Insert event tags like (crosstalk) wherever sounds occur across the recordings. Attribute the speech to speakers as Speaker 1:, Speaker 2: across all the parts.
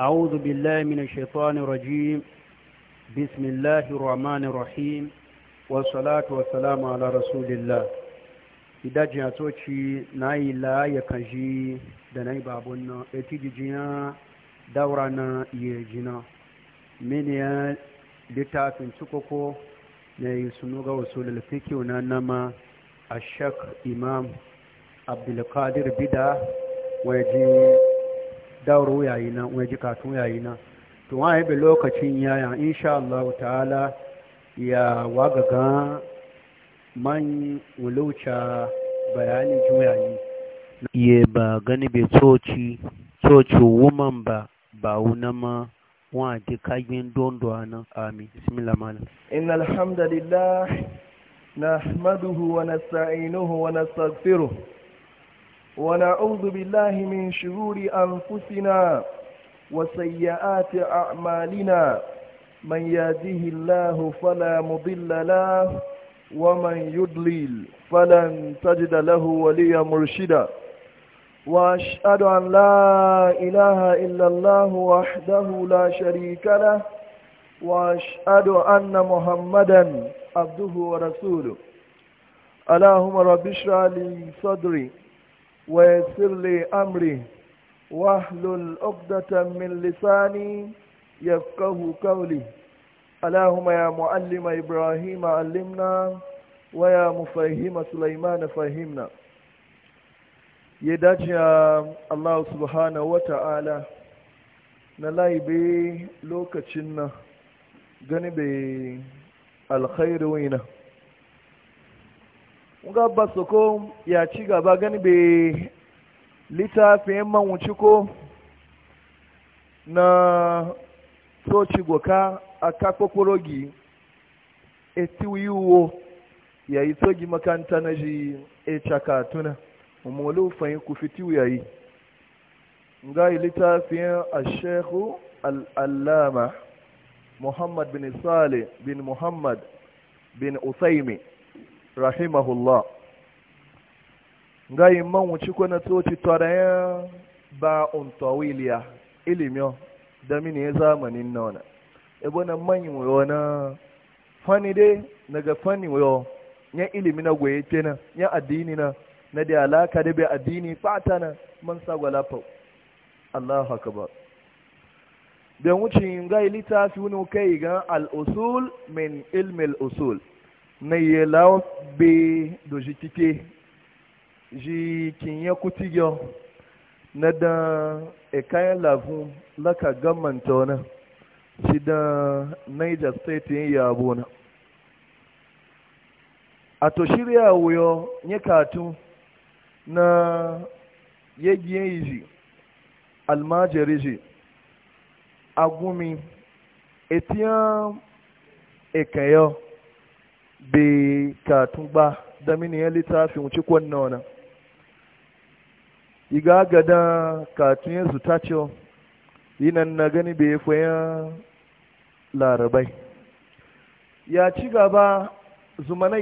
Speaker 1: أعوذ بالله من الشيطان الرجيم بسم الله الرحمن الرحيم والصلاة والسلام على رسول الله إذا جاتوشي ناي لا يكجي دناي بابونا اتجيجيا دورنا يجينا من لتاف سكوكو يسنوغ وصول الفكي ونانما الشك إمام عبد القادر بدا ويجي dauro yayi nan wani ji katun yayi nan to wa yi lokacin yaya insha Allah ta'ala ya wagaga man wulucha juya ni ye ba gani be tsoci tsoci woman ba ba wuna ma wa ji kayin dondo ana amin bismillah malam innal hamdalillah nahmaduhu wa nasta'inuhu wa nastaghfiruh ونعوذ بالله من شرور أنفسنا وسيئات أعمالنا من يهده الله فلا مضل له ومن يضلل فلن تجد له وليا مرشدا وأشهد أن لا إله إلا الله وحده لا شريك له وأشهد أن محمدا عبده ورسوله اللهم رب اشرح لي صدري ويسر لي أمري واحلل عقدة من لساني يفقه قولي اللهم يا معلم إبراهيم علمنا ويا مفهم سليمان فهمنا يدجى الله سبحانه وتعالى نلايبي لوكتشنا جنبي الخير وينه ga soko ya ci gaba gani be littafin mawuci ko na soci goka a eti wiwo ya yi togi makanta na ji e cakatuna umaru fahim ku fiti ya yi ga yi littafin a shehu al'allama muhammad bin salih bin muhammad bin usaimi rahimahullah ngai man wuci ko na tsoci tarayen ba untawiliya ilimiyo da mini zamanin nona ebo na e manyan wayo na fani dai ga fani wayo ya ilimi na goye na ya addini na na da alaka da bai addini fata na man sagwala fau Allahu akbar da wuce ga littafi wani kai ga al-usul min ilmi al-usul na yela be doji kike ji kinye kutiyo eka da ekayen lafun laka gamanta wani shi da niger state yin yabo na a to shirya wuyo nye katun na yagiyen iji almajiri ji agumi etiyan ekayo bai katun ba da mini ya littafin cikon kwanna wani iga gada katun yanzu ta ce nan na gani bai fayan larabai ya ci gaba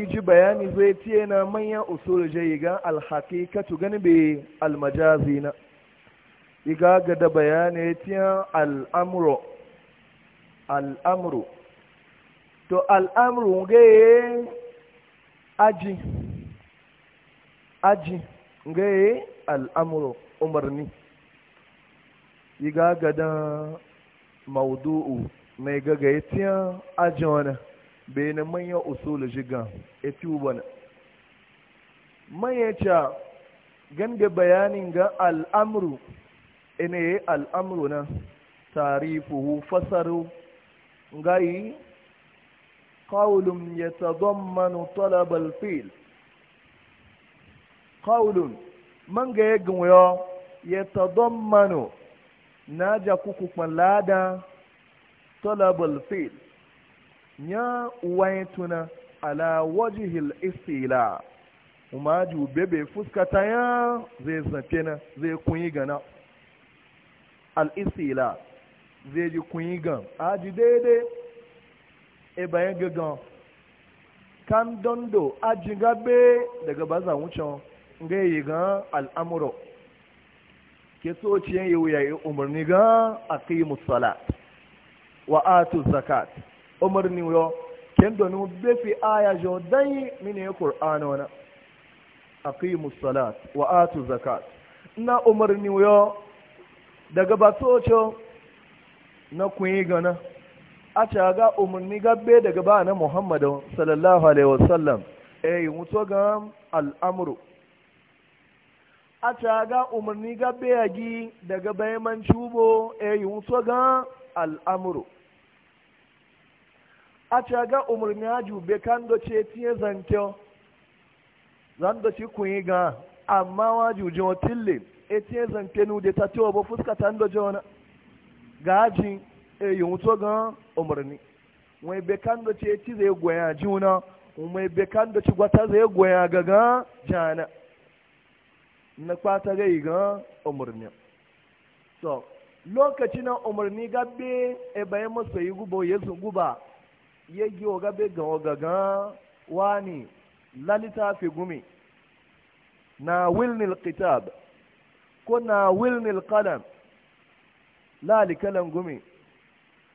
Speaker 1: yi ji bayani zai tiye na manyan usul jaiga alhakikatu gani bai almajazi na iga gada bayani tiyan al'amuro al'amuro to al'amuru ngaye aji aji ngaye al'amuru umarni iga gada maudu'u mai gagaye tiya aji wani bai na manyan usulu jigan etiuban manyanca da bayanin ga al'amuru ina yi al'amuru na tarifu fasaru yi. قول يتضمن طلب الفيل قول من يجمع يتضمن ناجا كوكو من لادا طلب الفيل نيا ويتنا على وجه الاستيلاء وما جو بيبي فسكتا يا زي زكينا زي كويغنا الاستيلاء زي كويغن اجي ديدي ebayen gagan kan dondo ajin gabe daga baza wucin ga yi gan al'amuro ke so ciyen yi wuya yi umarni gan a kai wa atu zakat umarni yo ken donu befi aya jo dai mini qur'ana wana aqimu salat wa atu zakat na umarni yo daga cho na kuyi gana a caga umarni gabbe daga ba na muhammadu sallallahu alaihi wasallam e eh, yi mutu ga al'amuru a caga umarni gabbe ya gi daga bayan cubo e eh, yi mutu ga al'amuru a caga umarni ya jube kan doce tiye zankyau zan doce kunyi ga amma wajujin otille e tiye zankyau da ta tewa ba fuska tan doce gajin eyi eh, wuto gan umarni mai bekan da ce ci zai goya juna mai bekan da ci gwata zai goya ga gan jana na kwata gai gan umarni so lokaci na umarni gabe e bayan masa yi gubo ya guba ya gi wa gabe ga wagagan wani lalita fi gumi na wilnil kitab ko na wilnil kalam lalikalan gumi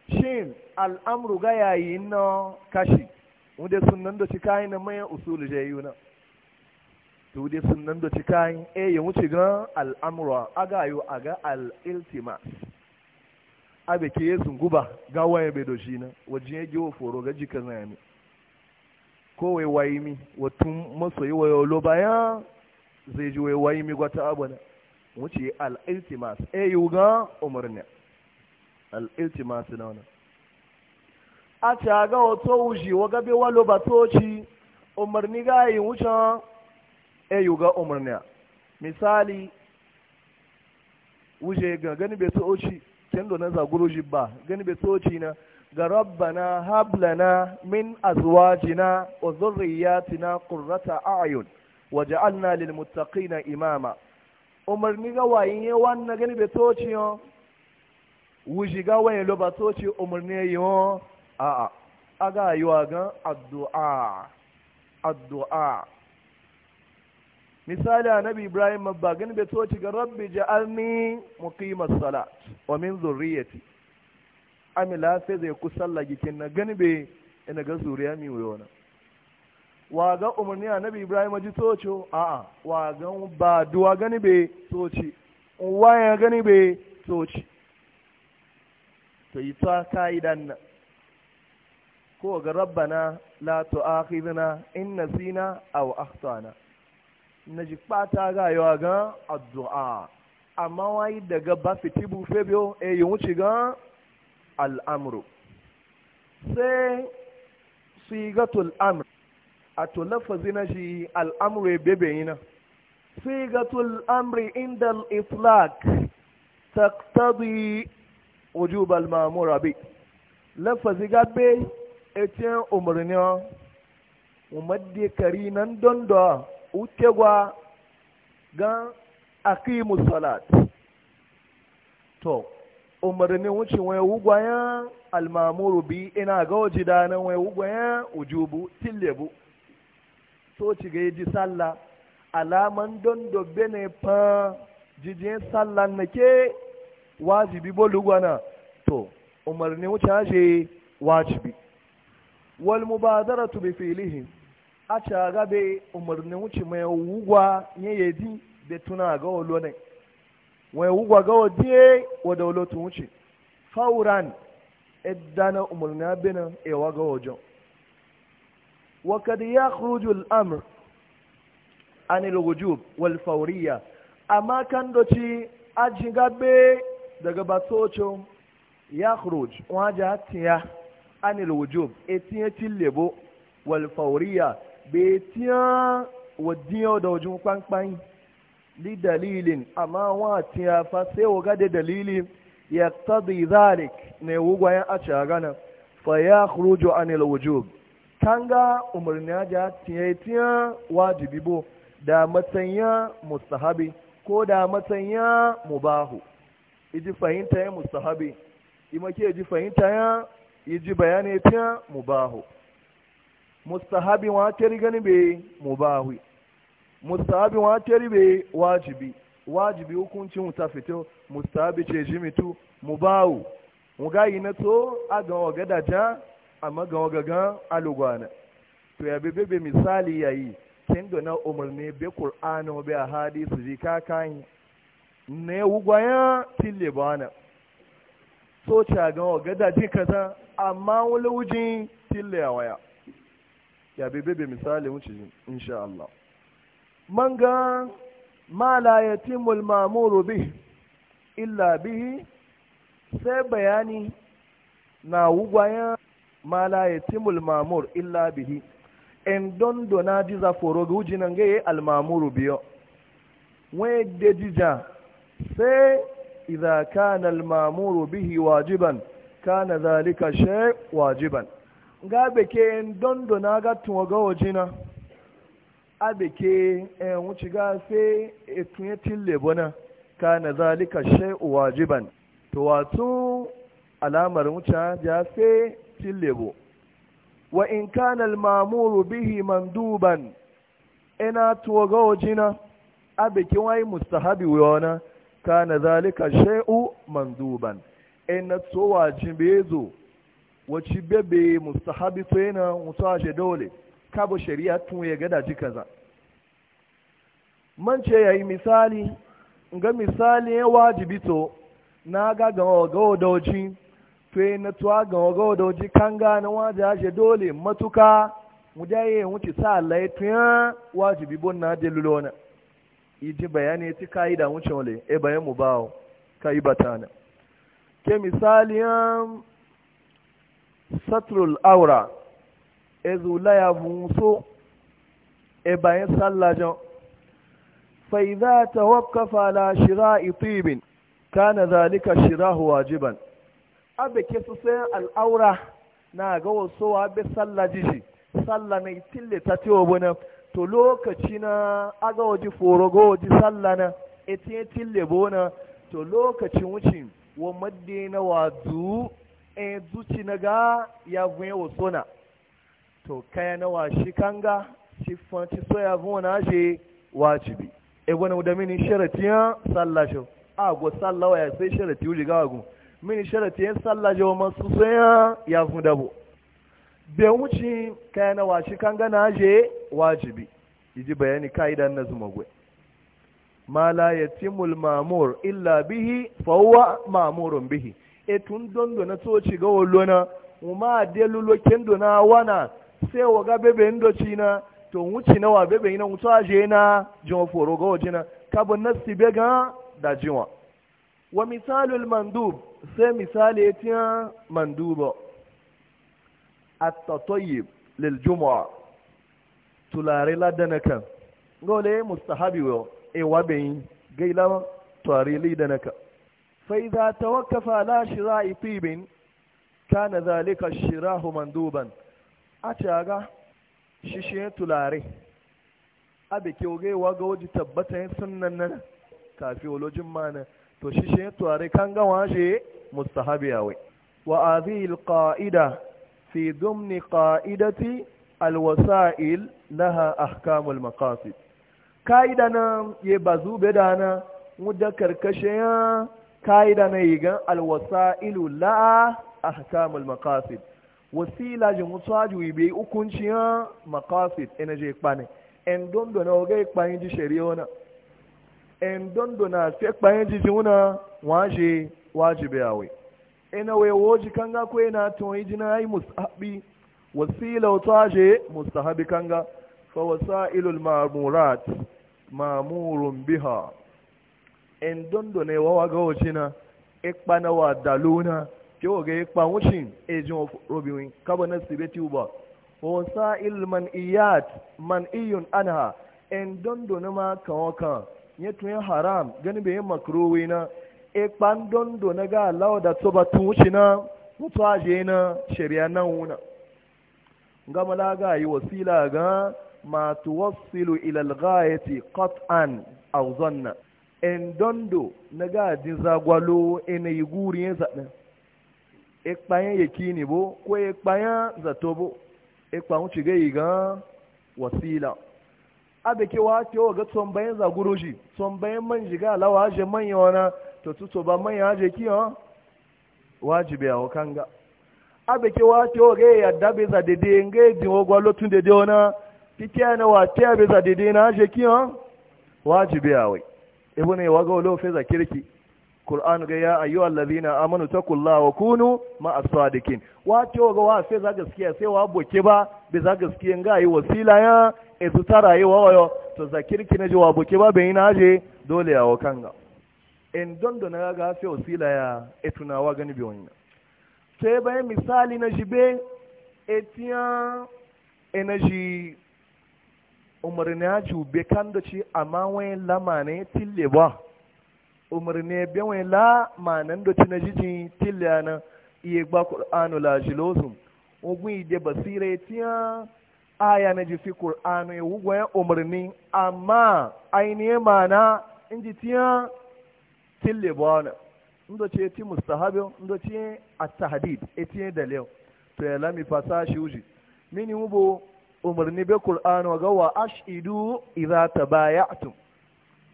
Speaker 1: shin al'amru ga yayi na kashi wanda sunan da yi na mai usulu yi yuna to dai sunan da yi e eh, ya wuce ga al'amru yi a ga al'iltimas abe ke sun guba ga waye bai doshi na wajen ya wa foro ga jika yami kowai wayi mi maso yi wayo lo bayan zai ji wayi mi gwata abu na wuce al'iltimas e eh, wuga umarni al'iltimasi na wani a ci a ga wato wuji wa gabe walo ba umarni ga yi wucin e yi ga umarniya misali wuje ga gani bai toci can na ji ba gani bai toci na ga rabbana hablana min azwajina wa zurriyatina qurrata a'yun waj'alna lil muttaqina imama umarni ga wayin yawan na gani bai toci yo wujiga wani lobato ce umarni yiwu a a aga yiwa gan addu'a addu'a misali nabi ibrahim mabagin bai to ci ga rabbi ja'alni muqimas salat wa min zurriyati amila sai zai ku salla gikin na gani be ina ga zuriya mi wayona wa ga umarni nabi ibrahim ji tocho a a wa ga ba duwa gani be toci wa ya gani be toci to yi ta ka'idan nan ko ga rabbana la tu'akhidna in nasina aw akhtana naji pata ga yawa ga addu'a amma wai daga ba fitibu febio e eh, yi wuce ga al'amru sai su yi sigatul amr a to lafazi na shi al'amru ya bebe yi sigatul amri inda al-iflak taqtadi ojúbal mamura bi lafazi gabe etin umarni umadde kari nan don utegwa gan aqimu salat to umarni wuce wai wugwayen almamuru bi ina ga waje danan wai wugwayen ujubu tillebu so ci ga ji sallah alaman dondo dobe ne fa jijin sallah nake wajibi bolugwana to umarni wuce haje wajibi wal mubadaratu bi filihi a caga be umarni wuce mai wugwa yayyadi da tuna ga walo ne mai wugwa ga wadiye wa daulo tun wuce fauran iddana umarni abin ewa ga wajen wa kad yakhruju al amr an al wujub wal fawriya amma kan doci ajiga be daga batocin ya khuruj waja tiya anil wujub etiye tilebo wal fawriya be tiya wadiyo da li dalilin amma wa tiya fa sai waga da dalili ya tadi zalik ne ya a gana. fa ya khuruj anil wujub tanga umarniya ja tiya tiya wajibi bo da matsanya mustahabi ko da matsanya mubahu iji fahimta ya mustahabi ima ke ji fahimta ya yi ji bayani fiya mubahu mustahabi wa tari gani be mustahabi wa tari wajibi wajibi hukuncin wuta fito mustahabi ce ji mitu mu ga yi na to a ga waga da ja amma ga waga ga alugwana to ya bebe misali yayi kin da na umarni be qur'ano be hadisu ji kakan ne wugwaya tille bana soca gan wa gada ji kaza amma wani wujin tilla ya waya ya bebe be misali wuce insha Allah man ga ma la yatimul ma'muru bi illa bihi sai bayani na wugwaya ma la yatimul ma'mur illa bihi en don dona ji za foro ga nan ga al ma'muru biyo wai da sai إذا كان المامور به واجبا كان ذلك شيء واجبا gabe ke dondo na ga tun ga wajina abe ke en wuce ga fe etun yetin lebona kana zalika shay wajiban to wato alamar wuce ja fe tin lebo wa in kana al-ma'muru bihi manduban ina tuwa ga wajina abe wai mustahabi yona. kana zalika shay'u manduban in na so wajibe zo wace bebe mustahabi to yana mutashe dole kabo shari'a tun ya gada ji kaza man ce yayi misali ga misali ya wajibi to na ga ga ga doji to yana to ga ga doji kan ga na wajaje dole matuka mujaye wuce sa lai tun wajibi bon na delulona iji bayani ti kaida da chole wale e bayan mu ba kayi batana ke misali ya um, satrul aura e zula ya vunso e bayan sallajan fa idha tawaqqafa ala shira'i tibin kana zalika shirahu wajiban abe ke su sai al'aura na ga wasu abe be jiji salla mai tille ta tiwo bunan to lokaci na aga waje forogo waje sallah na etin tillebo na to lokacin wucin wa madde na wazu e zuci na ga ya gwe wa sona to kaya na wa shi kanga shi fanci so ya gwe na shi wajibi e wani da mini sharati ya sallah shi a go sallah wa ya sai sharati wuri ga wagun mini sharati ya sallah wa masu so ya ya gwe dabo bai wuce kayan washi kan gana je wajibi iji bayani ka'idan na zumagwe ma la timul mamur illa bihi fawuwa huwa bihi e tun dondo na toci ga wallona uma de lulo kendo na wana sai wa ga bebe ndo china to wuci na wa bebe ina wuta je na jin foro ga wajina kabun nasi be ga da jiwa wa misalul mandub sai misali etia mandubo at-tayyib lil jumu'a tulare ladana kan gole mustahabi wa e wabe gaila tare lidana kan fa idza tawakkafa ala shira'i tibin kana zalika shirahu manduban a caga shishe tulare abe ke oge wa ga waje tabbata yin sunnan nan kafi olojin mana to shishe tulare kan ga waje mustahabi yawe wa azil qa'ida في ضمن قائدة الوسائل لها أحكام المقاصد قائدنا يبزو بدانا مدكر كشيا قائدنا يغا الوسائل لا أحكام المقاصد وسيلة جمتاج ويبي أكونشيا مقاصد إنجي إكباني إن دون دون أوغي إكباني جي شريونا إن دون دون أسفي إكباني جي جونا واجي واجبي أوي ina woji kanga ko ina to yijina ai musahabi wasila utaje mustahabi kanga fa wasailul ma'murat ma'murun biha en dondo ne wawa ga wocina ikpa na wa daluna ke wa ga ikpa wucin ejin robin kaba na sibeti uba wa wasail man iyat man iyun anha en dondo ne ma kawaka, ya haram gani bai makruwi na ekpan dondo na ga lawa da tsoba tun shi na mutu aje na shari'a nan wuna gama la ga yi wasila ga ma wasilu ila alghayati qat'an aw zanna en dondo na ga din zagwalo en yi guri ya zaɗa ye kini bo ko ekpan zato bo ekpan wuce ga yi ga wasila abe ke wa ke wa ga tsombayin zaguruji tsombayin man jiga lawa aje manyona to tuto ba man ya je kiyo wajibi a wakanga abe ke wa te oge ya dabe za dede nge din ogwa tun dede ona titia na wa te abe za dede na je kiyo wajibi a wai ibune ga lo fe za kirki Qur'an ga ya ayu allazina amanu taqullaha wa kunu ma ma'as sadiqin wace ga wa fe za gaskiya sai wa boke ba be za gaskiya ga yi wasila ya e su tara yi wayo to za kirki na je wa boke ba be na je dole ya wakanga. kanga in don da na ga fi wasila ya etunawa gani bi wani sai bayan misali na jibe etiya energy umarni haji jube kan da ci amma wani lama ne tille ba umarni be wani ma nan da ci na jijin tille na iya gba ƙur'anu la jilosum ogun ide basira etiya aya na jifi ƙur'anu ya wugwayen umarni amma ainihin ma na ji tiyan tille bwana ndo ndochi ti mustahabi ndochi ce at-tahdid etinye dalil to ya lami fasashi uji mini ubo umarni be qur'an wa gawa ashidu idza tabaya'tum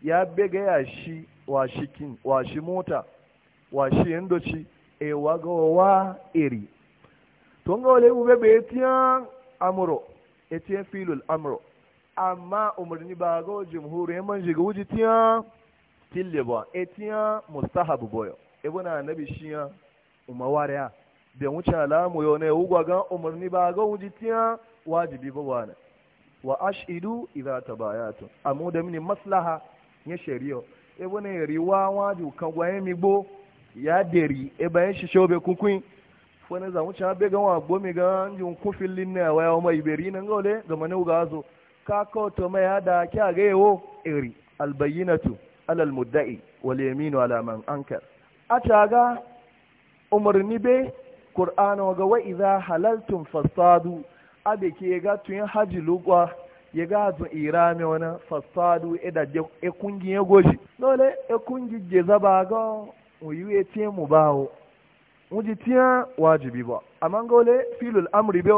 Speaker 1: ya bega ya shi wa shikin wa shi mota wa shi ndochi ci e wa gawa iri to ngo le ube be tiya amro etinye filul amro amma umarni ba ga jumhur man jiga wuji tiya tille ba etiya mustahab boyo ibuna nabi shiya umawariya da wuce alamu yau ne ugwa ga umarni ba ga wuji tiya wajibi ba wani wa ashidu idza tabayatu amu da mini maslaha ya shari'o ibuna riwa waju kan gwaye mi gbo ya deri e bayan shi shobe kukun fone za wuce abe ga wa gbo mi ga njun kufin linne wa yau mai beri nan gole ga manu ga zo ka ko to mai hada ki ga yewo iri albayinatu alal mudda'i wal yaminu ala man ankar ataga umarni be qur'ana ga wa idza halaltum fasadu abe ke ga tun haji lugwa ya ga zu irame wana fasadu eda je e kungi ya goji dole e kungi je zaba ga uyu e tie mu bawo uji tiya wajibi ba amma gole filul amri be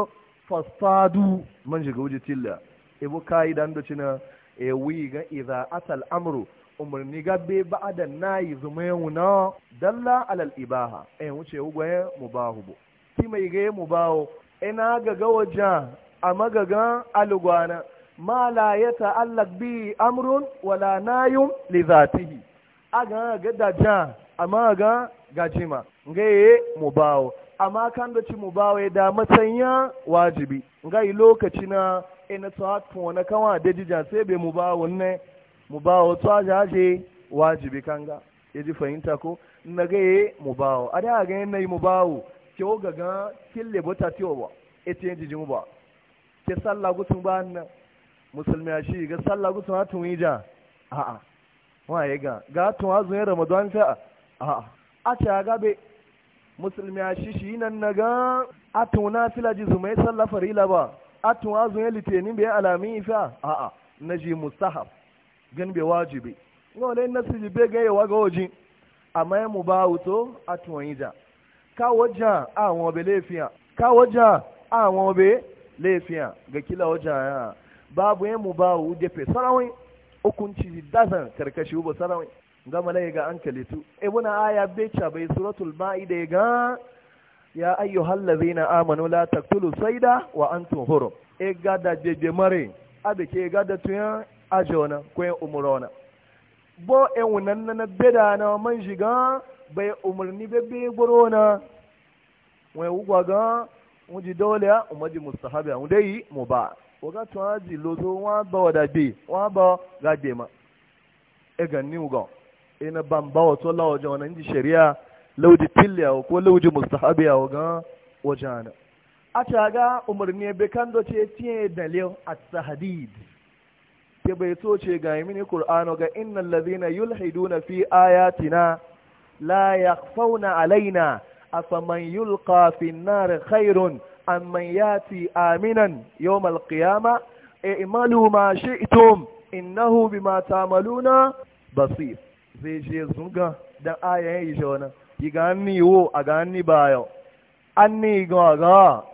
Speaker 1: fasadu man shiga uji tilla ibu kai dan do cina e wi ga idza atal amru umarni gabbe ba da na yi zuma yau na dalla alal ibaha ɗan eh, wuce gwaye mu ba ki mai gaye mu hu eh, ina gaga waje a magaga alugwana ma la ya ta'allak bi amrun wala nayun li zatihi aga ga da ja amma ga gajima gaye mu bawo amma kan da ci mu bawo ya da matsanya wajibi gai lokaci na ina eh, ta na kawa da jija sai bai mu ba mu ba wa tsajaje wajibi kanga ji fahimta ko na ga yi eh, mu ba wa a da ga na yi mu ba wa ke o gaga kille bota ti wa ete yin jijin ba ke sallah gutun ba na musulmi a shi ga sallah gutun hatun yi ja a'a wa ya ga ga tun azumin ramadan ta a'a a a gabe musulmi a shi shi nan na ga atun na filaji zumai sallah farila ba atun azumin litinin bai alamin ifa a'a na ji mustahab gan be wajibi ngo le si be ga yawa ga oji amma ya mubahu to atwanja ka waja awon be lefiya ka waja awon be lefiya ga kila waja ya babu ba mubahu de pe sarawin hukunci dazan karkashi ubo sarawin ga malai ga an e buna aya be cha bai suratul maide ga ya ayyuhal ladhina amanu la taqtulu sayda wa antum hurum e gada de de mare abe ke gada tuya ajona ko yin umurona bo en wunan na beda na man shiga bai umurni be be gorona wai ugwa ga muji dole ya umaji mustahabi a dai mu ba waga to aji lozo wa ba wada bi wa ba ga de ma e ga ni ugo ina ban ba wato lawo jona inji shari'a laudi tilya ko laudi mustahabi a waga wajana a caga umarni be kan do ce tiye dalil at-tahdid ke bai so ce ga mini Kur'ano ga innal ladhina yulhiduna fi ayatina la yakhfawna alaina afaman yulqa fi an-nar khairun amman yati aminan yawm al e, i'malu ma shi'tum innahu bima ta'maluna basir zai je zunga yi yi ga a ga ni bayo an ni ga ga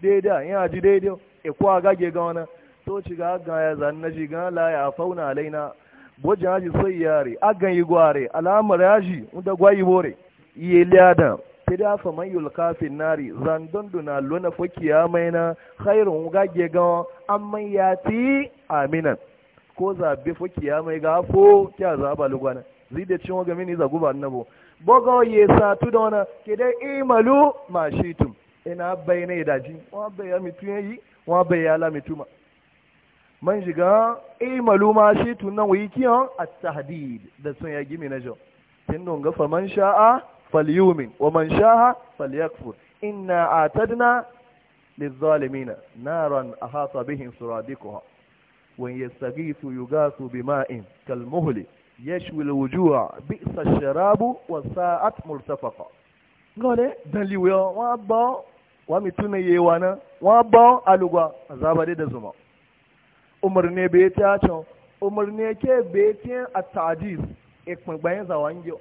Speaker 1: daidai ji daidai e ko ga so ci ga ga ya zan na ji ga la ya fauna alaina bojan haji sai yare agan yi gware alamar yaji da gwayi bore iye liyada tida fa man kafin fi nari zan donduna lona fo kiyamaina khairun gage ga amman yati aminan ko zabe fo kiyamai ga fo kya zaba lugwana da cin waga ni za guba annabo boga ye sa tu da wana ke dai imalu mashitum ina bayne daji wa bayami tuyi wa bayala mituma من جا اي maluma شي tunan ويكي yikiyan at-tahdid da sun ya gimi na jo tin don ga fa man sha'a falyumin wa للظالمين نارا أحاط بهم سرادقها وإن يستغيثوا يغاثوا بماء كالمهل يشوي الوجوع بئس الشراب وساءت مرتفقة قال دليل وابا ومتون يوانا وابا ألغا عذاب دي دزما umar ne bai ta can umar ne ke bai ta a tadis a bayan zawon yau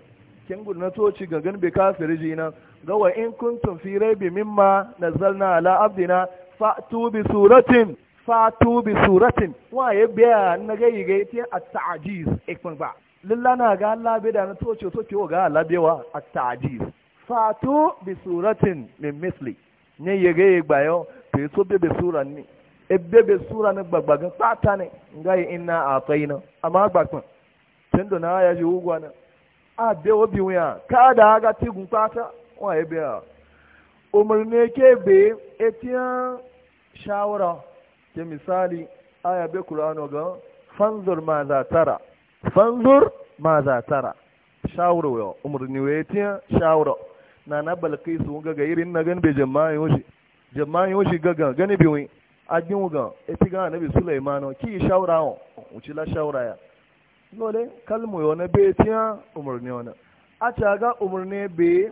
Speaker 1: kin gudunar toci gangan bai kafin rijina ga wa in kuntum fi ma mimma nazzalna ala abdina fa'tu bi suratin fatu bi suratin wa ya biya na gayi ga ita a ta'jiz a ba lilla na ga labe da na toce toce ga Allah bewa a ta'jiz fatu bi suratin min misli ne ya gayi gbayo to yaso be be suran ni ebebe sura na gbagba gan pata ne nga yi ina atai na amma gbagba tun da na ya ji ugwa na a be obi wuya ka da aga tigun pata wa ebe a umarni ke be etiyan shawara ke misali aya be qur'ano ga fanzur ma za tara fanzur ma za tara shawara wa umarni wa etiyan shawara na na balqisu ga ga irin na gan be jama'a yoshi jama'a yoshi ga ga gani bi wuya agin ga eti ga nabi sulaimano ki shawara wa uci la shawara ya lole kalmo yo na be tiya ni ona a ta ga umurni be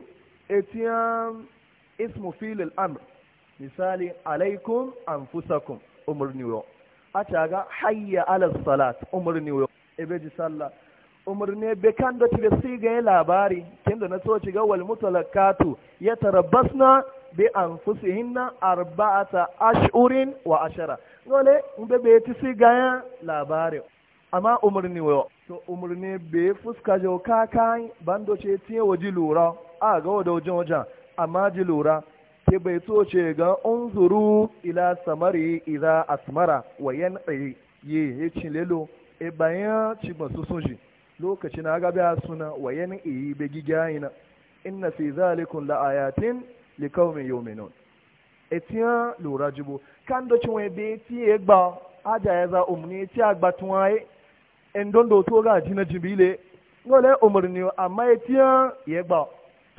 Speaker 1: etiya ismu fil al amr misali alaikum anfusakum ni yo a ta ga hayya ala salat ni yo ebe salla sallah umurni be kan da tiga siga labari kendo na so ci ga wal mutalakatu yatarabbasna bi anfusihinna arba'ata ash'urin wa ashara ngole mbe be tisi gaya labari amma umarni wa to umarni be fuska jo kakai bando ce tiye waji lura a ga wajen wajen amma ji lura ke bai so ce ga unzuru ila samari ila asmara wa yanqi ye ye lelo e bayan ci masu sunji lokacin na gaba suna wa yanqi be gigayina inna fi zalikum la'ayatin. likaumin yominon etiyan lura jibo kan do cin webe ti e gba aja ya za umni ti agba tun waye en don do to ga jina jibile ngole umurni amma etiyan ye gba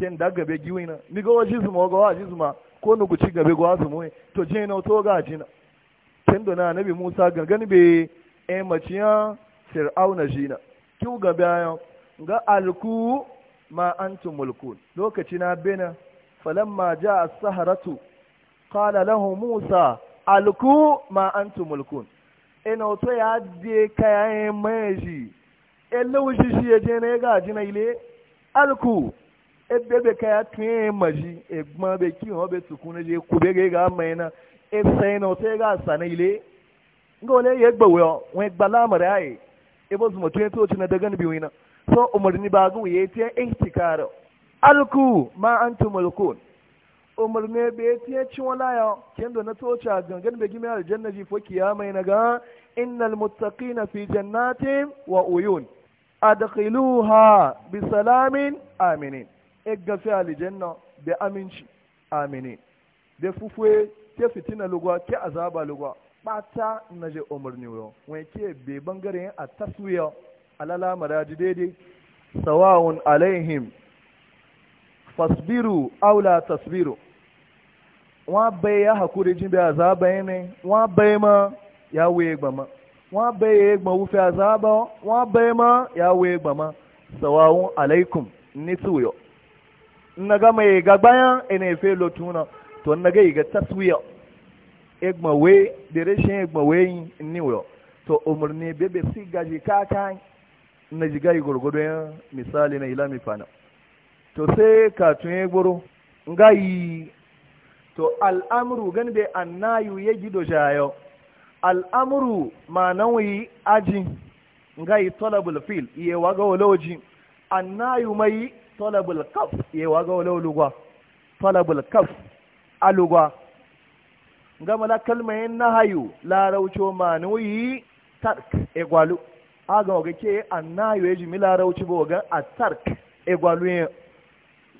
Speaker 1: ken da gabe giwina mi go waji zuma go waji zuma ko no guci gabe go azumu to je na to ga jina ken do na annabi Musa gangan be e maciya fir'auna jina kiu gabe ayo ga alku ma antum mulkun lokaci na bena فلما جاء السهرة قال له موسى ألقوا ما أنتم ملكون إن أوتي كيان ميجي إلو جيجي جينا يغا جينا إلي ألقوا ebebe kaya tun maji egbon be ki won be tukun ku be ga maina e sayna o te ga sana ile ngole ye won gba lamare ai e bo zumo tun to na daga ni bi wina so umarni ba gu ye e alku ma antum mulkun umarne be ya ci wala ya kendo na tocha gangan be gimi aljanna ji fo kiyama na ga innal muttaqina fi jannatin wa uyun adkhiluha bi salamin aminin e fi aljanna bi aminci aminin Da fufuwe ke fitina lugwa ke azaba lugwa bata na je umarni yo wai ke be bangare a taswiya alala maradi daidai sawa'un alaihim fasbiru aula tasbiru wọ́n bẹ ya hakuri jimbe azaba yi ne wọ́n bẹ ma ya wee gbama wọ́n bẹ ya gbama wufe azaba wọ́n bẹ ma ya wee gbama sawawun alaikum ni tuyo naga mai gagbaya ina efe lotuna to naga iga taswiya egmawe direshin egmawe yi ni wuyo to umarni bebe si gaji kakan na jiga yi gurgudu misali na ilami fana to sai katun ya gburu yi to al'amuru gani bai annayu ya gido shayo al'amuru ma nauyi aji yi tolabul fil iya waga waloji annayu mai tolabul kaf iya waga walolugwa tolabul kaf alugwa gama mai na hayu larauco ma wuyi tark egwalu aga oge ke annayu ya jimi larauci bo ga a tark egwalu yin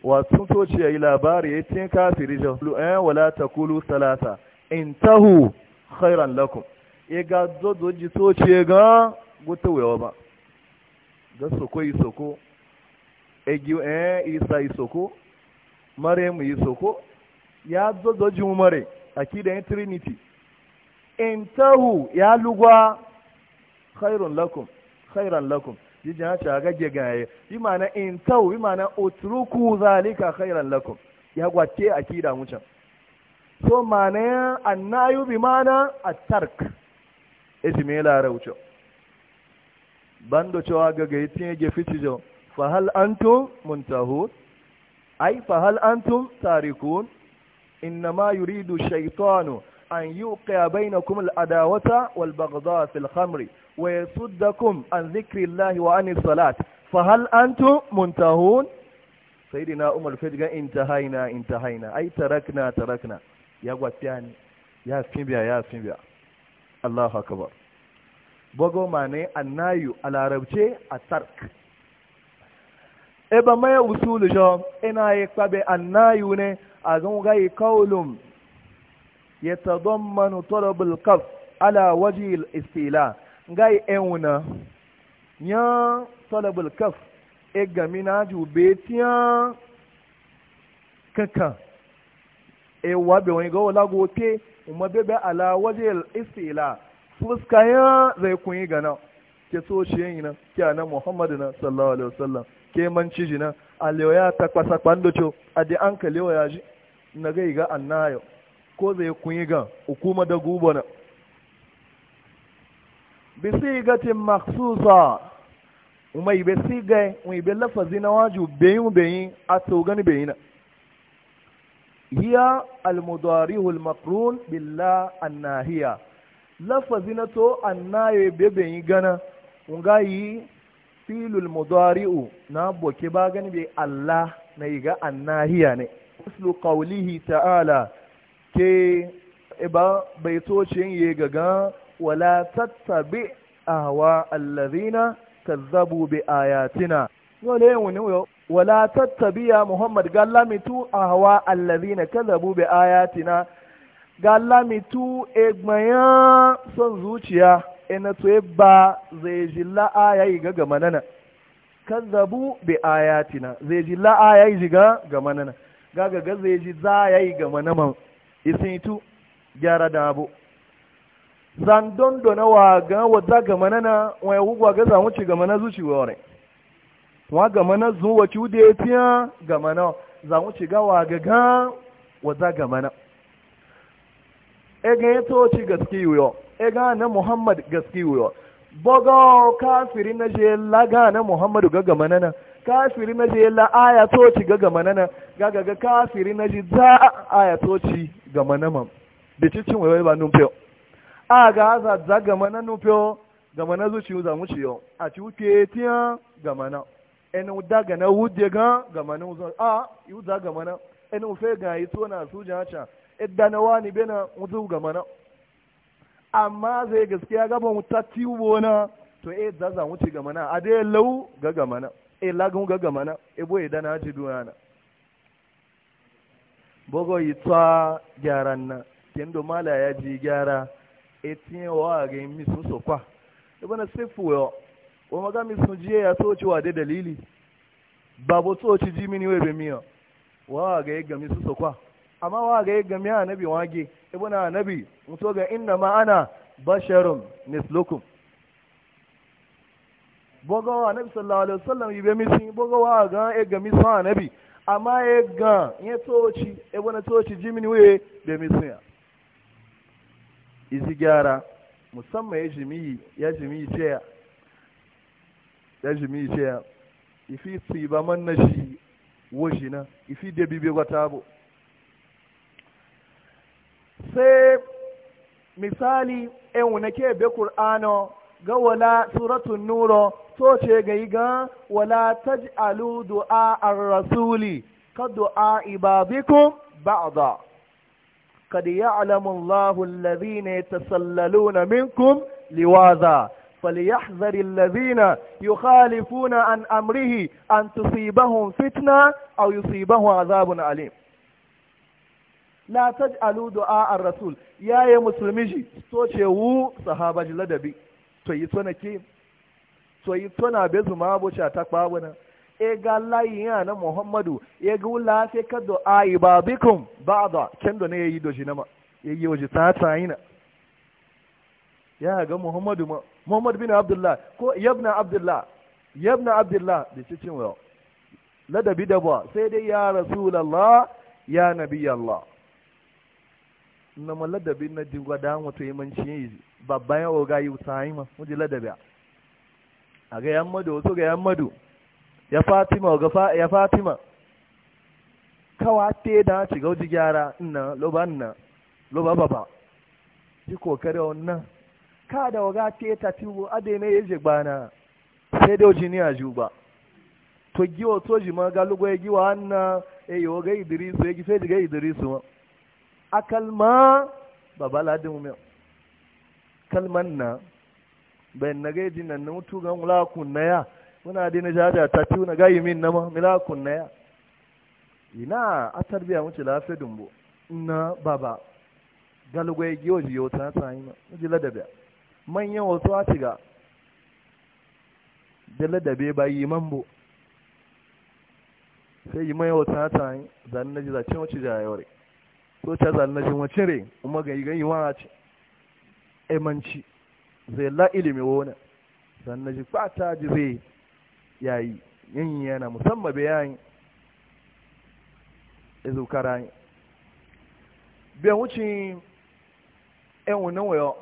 Speaker 1: wasu soci ya yi labari ya cin kafiri jan lu'ayen eh, wala ta kulu salata in tahu khairan lakum ya ga zozo ji soci ya ga guta wuyawa ba ga soko yi soko egi eh isa yi soko mare mu yi soko ya zozo ji mu mare akidan trinity in tahu ya lugwa khairan lakum khairan lakum jijin haka gage gaye bi mana in tau bi mana utruku zalika khairan lakum ya gwace akida mucan so mana annayu bi mana atark tark ismi la raucho bando cewa gaga yitin ge fitijo fa hal antum muntahu ay fa hal antum tarikun innama yuridu shaytanu an yuqiya bainakum al-adawata wal baghdha fil khamri wa yasuddakum an zikrillahi wa anis salat fa hal antum muntahun sayyidina umar fa diga intahaina intahaina ai tarakna tarakna ya gwatiyani ya fimbiya ya fimbiya Allahu akbar bogo mane annayu a larabce a tark ebe mai usulu jo ina yi kwabe annayu ne a zan gangayi kaulum ya tazammanu talabul kaf ala waje istila ngai enwuna nya talabul kaf e gami na ju betiya kaka e wa be wani go la ke, te umma be ala wajil istila fuska ya zai kun yi gana ke so shi yin na ke na muhammadu na sallallahu alaihi wasallam ke man ciji na alewa ya takwasa kwandocho a adi an kalewa ya ji na ga iga annayo ko zai kun yi ga hukuma da bisigatin maksusa umai be siga umai be lafazi na waju beyin beyin a gani beyin hiya almudarihu almaqrun billa annahiya lafazi na to annaye be beyin gana yi filul mudari'u na boke ba gani be Allah na yi yiga annahiya ne mislu qawlihi ta'ala ke ba baitocin ye gaga wala tattabi ahwa allazina kazzabu bi ayatina wala wani wala tattabiya muhammad ga gallamitu ahwa allazina kazzabu bi ayatina gallamitu egmayan son zuciya ina to ba zai ji yi ga gama nana kazzabu bi ayatina zai ji la'ayayi ga gama nana gaga ga zai ji za yayi gama naman isin tu gyara da abu zandon dona wa ga wadda ga manana wa yugwa ga zamu ci ga mana zuci wore wa ga mana zuwa ci ude tiya ga mana zamu ci ga wa ga ga wadda ga mana e ga yato ci gaskiyo yo e ga na muhammad gaskiyo yo boga kafirin na je laga na muhammadu ga ga manana kafiri na je la aya ci ga gama nana ga ga ga kafiri na je za aya ga gama nama da cin waiwai ba numfiyo a ga za zaga mana nufiyo gama na zuciyu za mu ciyo a ci wuke tiya gama na da daga na wuje ga gama na uzon a yu za gama na enu fe ga yi to na su jacha idda e na wani bena uzu gama na amma zai gaskiya gaba mu ta tiwo na to e za za mu ci gama na a dai e lau ga gama na e lagun ga gama na e boye da na ji duniya na bogo yi tsa gyaran na kendo mala ya ji gyara etinye wa a e e ga mi sun sokwa ibana sifu yo wa maga mi sun jiye ya to ci wa dalili babu to ci ji mini webe miyo wa e a ga ga mi sun sokwa amma wa ga ga mi annabi wage na annabi mutu ga inna ma ana basharun mislukum bogowa anabi sallallahu alaihi wasallam ibe misin bogowa ga e ga misan anabi amma e ga ye tochi e bona tochi jimini we be misin ya izi gyara musamman ya jimiyi ya jimiyi ceya ya jimiyi ceya ifi tsiba man na shi wajina ifi da bibe wata abu sai misali yan ke be qur'ano ga wala suratun nuro so ce ga yi ga wala taj'alu du'a ar-rasuli ka du'a ibadikum ba'da قد يعلم الله الذين يتسللون منكم لواذا فليحذر الذين يخالفون عن أمره أن تصيبهم فتنة أو يصيبهم عذاب أليم لا تجعلوا دعاء الرسول يا يا مسلمي توچهو صحابة لدبي تويتونا كي تويتونا بزما بوشا تقبابنا إيغا الله يانا محمد يقول لا فيك دعاء بابكم ba'da kendo ne yayi doji na ma yayi waje ta tsayina ya ga muhammadu ma muhammad bin abdullah ko yabna abdullah yabna abdullah da cikin wa ladabi da ba sai dai ya rasulullah ya nabiyallah na ma ladabi na jigwa da wato yi manci babban yawo ga yi tsayi ma muje ladabi a ga yammadu wasu ga yammadu ya fatima ga ya fatima kawa te da ci gauji gyara ina loba ina loba baba ji kokari wannan ka da waga te ta tiwo ade ne yaje gbana sai da oji ni aju ba to giwo to ji ma ga lugo gi wa anna e eh, yo ga idrisu e sai fe ga idrisu ma akalma baba ladin mu kalman na bayan na gaji nan na mutu ga mulakun na ya muna dina jaja ta tiwo na ga yimin na ma mulakun na ya ina a tarbiya wuce lafiya dumbo na baba galgwai giyo biyo ta sami ma ji ladabiya manyan wasu a shiga da ladabe ba yi mambo sai yi mai wata ta yi zanen naji zacen wace jayawar so ta zanen naji wace re kuma ga yi ganyi wa ci emanci zai la ilimi wona zanen naji fata ji zai yayi yanyi yana musamman bayan ezu karai bi wuci en wannan wayo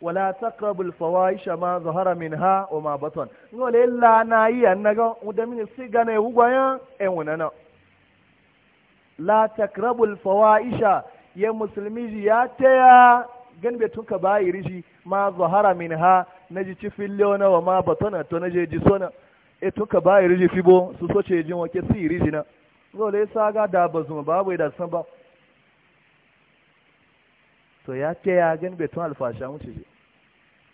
Speaker 1: wala taqrabul fawahisha ma zahara ha wa ma batan ngole la na yi annaga si siga ne ugwaya en na la taqrabul fawahisha ya musulmi ya taya bai be tunka bayi rishi ma zahara na ji cifin leona wa ma batana to je ji sona e tunka bayi rishi fibo su soce jin wake si rishi na zole saga da ba zuma babu da san ba to ya ce ya gani bai tun alfasha wuce je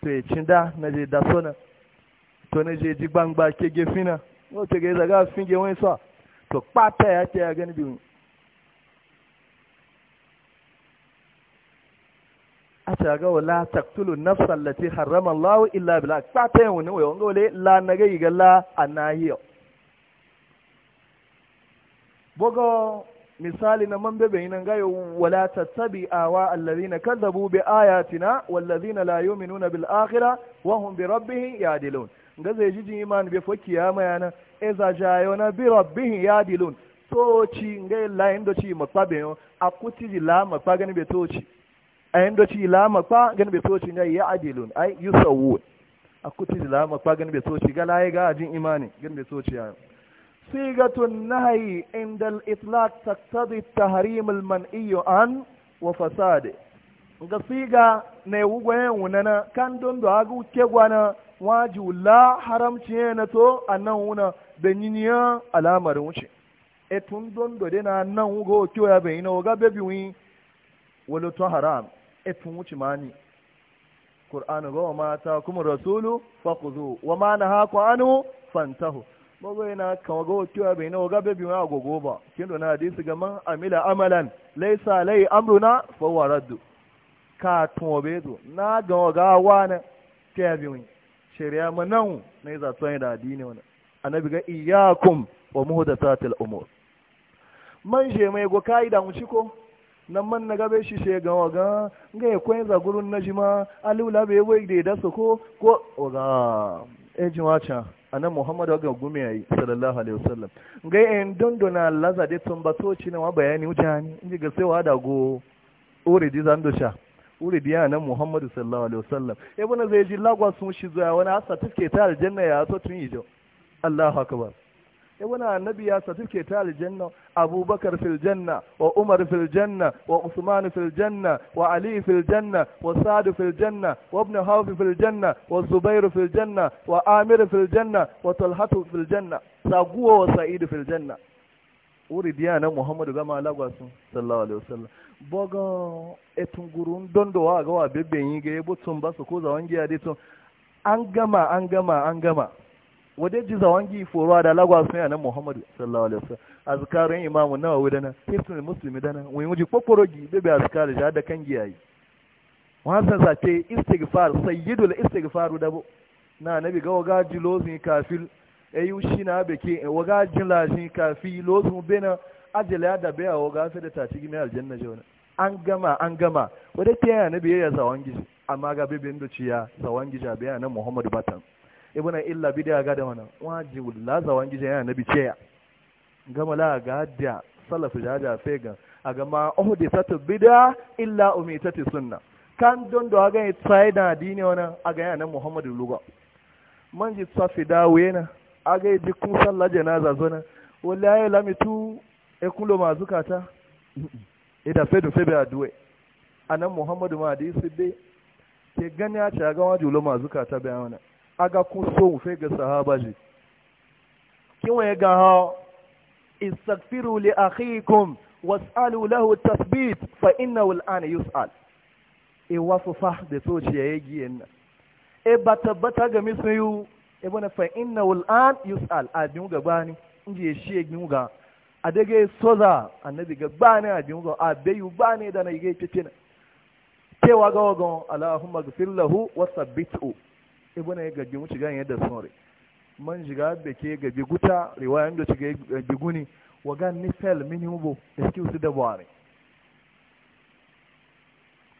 Speaker 1: to ya cin da na je da sona to na je ji gbangba ke fina ko ce ga zaga ge wani sa to kpata ya ce ya gani biyu a ta ga wala taqtulu nafsa allati harrama Allah illa bilak kpata ya wani yi ngole la a na la yau. bogo misali na man bebe nan gaya wala tattabi awa allazina kadzabu bi ayatina wallazina la yu'minuna bil akhirah wa hum bi rabbihim yadilun ga zai ji iman be fo ya yana e za jayo na bi rabbihim yadilun toci ci la lain do ci mapabe yo akuti ji la mapa gani be to a ayin do ci la mapa gani be to ci ga yadilun ai yusawu akuti ji la mapa gani be to ga laye ga jin imani gani be to ya صيغة النهي عند الإطلاق تقتضي التحريم المنئي عن وفساده ga siga na wugwayen wunana kan don da hagu gwana waju la haramci na to a nan wuna da yiniya alamar wuce e tun don da dina nan wuga o kiyo ya bayina wuga bebi wi wala to haram tun wuce mani qur'anu ga wa mata kuma rasulu fakhudhu wa ma nahaku anhu fantahu mago yana kawo ga wakiwa bai na waga bebi agogo ba kin na hadisi ga man amila amalan laisa lai amruna fa wa raddu ka tun be na ga waga wa na ta bi shari'a ma nan na za ta yi da addini wani annabi ga iyyakum wa muhdathatil umur man je mai go kai da mu ko nan man na gabe shi she ga waga ga ya koyin zagurun najima alula bai wai da da su ko ko waga ejin wacha anan muhammadu gumi ya yi, sallallahu alaihi wasallam ga en dondona laza de tun bato cina wa bayani mutane inji ga sai wa da go uridi zandusha uridi ya nan muhammadu sallallahu alaihi wasallam e bana zai ji lagwa sun shi zuwa wani asa tuske ta aljanna ya so tun yi jo allahu akbar ya wani annabi ya sa suke ta aljanna abubakar fil janna wa umar fil janna wa usman fil janna wa ali fil janna wa sa'd fil janna wa ibn hawf fil janna wa zubair fil janna wa amir fil janna wa talhatu fil janna saguwa wa sa'id fil janna uri diya na muhammadu gama lagwasu sallallahu alaihi wasallam boga etungurun dondo wa ga wa bebe yin ga yebo tun ba su ko zawon giya dai tun an gama an gama an gama wadda ji gi foro da lagwa sun yana muhammadu sallallahu alaihi wasallam azkarin imamu nawawi na kirtin musulmi dana wani wuji kwakwaro gi bebe azkar ja da kan giyayi wasan sa ce istighfar sayyidul istighfar da bu na nabi ga waga ji lozin kafil ayu na beke waga ji lazin kafi lozin bena ya da be waga sai da taci gimi aljanna jona an gama an gama wadda ta yana nabi ya gi amma ga bebe ndo ciya gi ja be yana muhammadu batan ibuna illa bidiya ga da wannan wajibu lazawan gije yana nabi ceya gama la ga da salafu jaja sai ga a gama uhdisatu bid'a illa umitati sunna kan don do ga tsaye da dini wannan a ga yana muhammadu luga man ji tsafi dawo yana a ga ji kun sallar janaza zona wallahi tu e kulo mazukata ida (laughs) e fedu febe a anan muhammadu ma hadisi be ke gani a caga wajulo mazukata bayan wani. aga kun so fe ga sahaba ji kiwaye ga ha istaghfiru li akhikum was'alu lahu tathbit fa innahu al'an yus'al e wasu fa da so ci yayi gi nan e ba tabbata ga misayu e bana fa innahu al'an yus'al abin gaba bani inji shi egin ga adage soza annabi gaba ne abin ga abeyu ba bani da na yige tete cewa ga wagon allahumma ghfir lahu wa thabbitu e ya gabi mu cigan yadda sun re man jiga da ke gabi guta riwayan da ciga gabi guni wagan ni fel mini ubo excuse da bare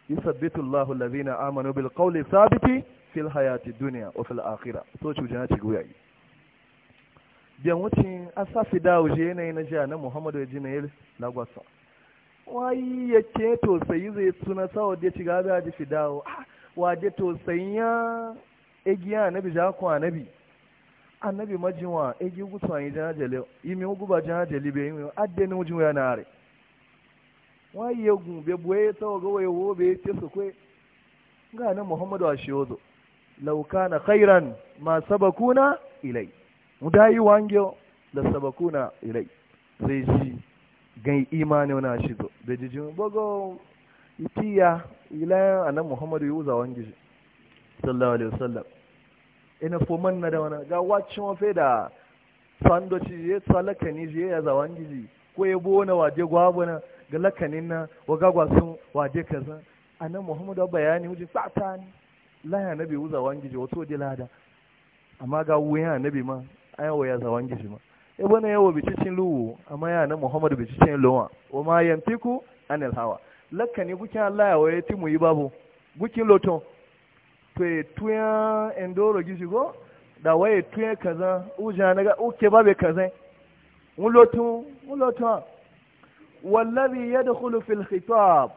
Speaker 1: yusabbitu Allahu allazina amanu bil qawli thabiti fil hayati dunya wa fil akhirah so cujana ciga bi an wuce asafi da uje yanayi na jiya na muhammadu wa ji na yel lagwasa wai ya ke to sai zai suna sawo da ci gaba ji fi dawo wa je ah, to ya? egiya anabi za ku anabi annabi majinwa egi gusu anyi jana jele imi uguba jana jele be imi adde ni ujiwa ya nare ye gun be buye to go we wo be su kwe ga na muhammadu ashiyozo law kana khairan ma sabakuna ilai mudayi wangyo da sabakuna ilai zai ji gan imani wana zo da jijin bogo itiya ila anan muhammadu yuza wangi sallallahu alaihi wasallam ina foman na da wani ga wacin wafe da sandoci ya sa lakani je ya zawan gizi ko ya bo na waje gwabuna ga lakanin na waga gwasun waje kaza nan muhammadu bayani wuce sata ne laya nabi wuza wangiji wato di lada amma ga wuya nabi ma a yawo ya zawan gizi ma e bana yawa bicicin luwu amma ya na muhammadu bicicin luwa wa ma yantiku anil hawa lakani gukin allah ya waye timu yi babu gukin loton to tuya endoro gizi go da waye tuyan kaza uja na ga uke babe kaza wulotu lotu mun ya da yadkhulu fil khitab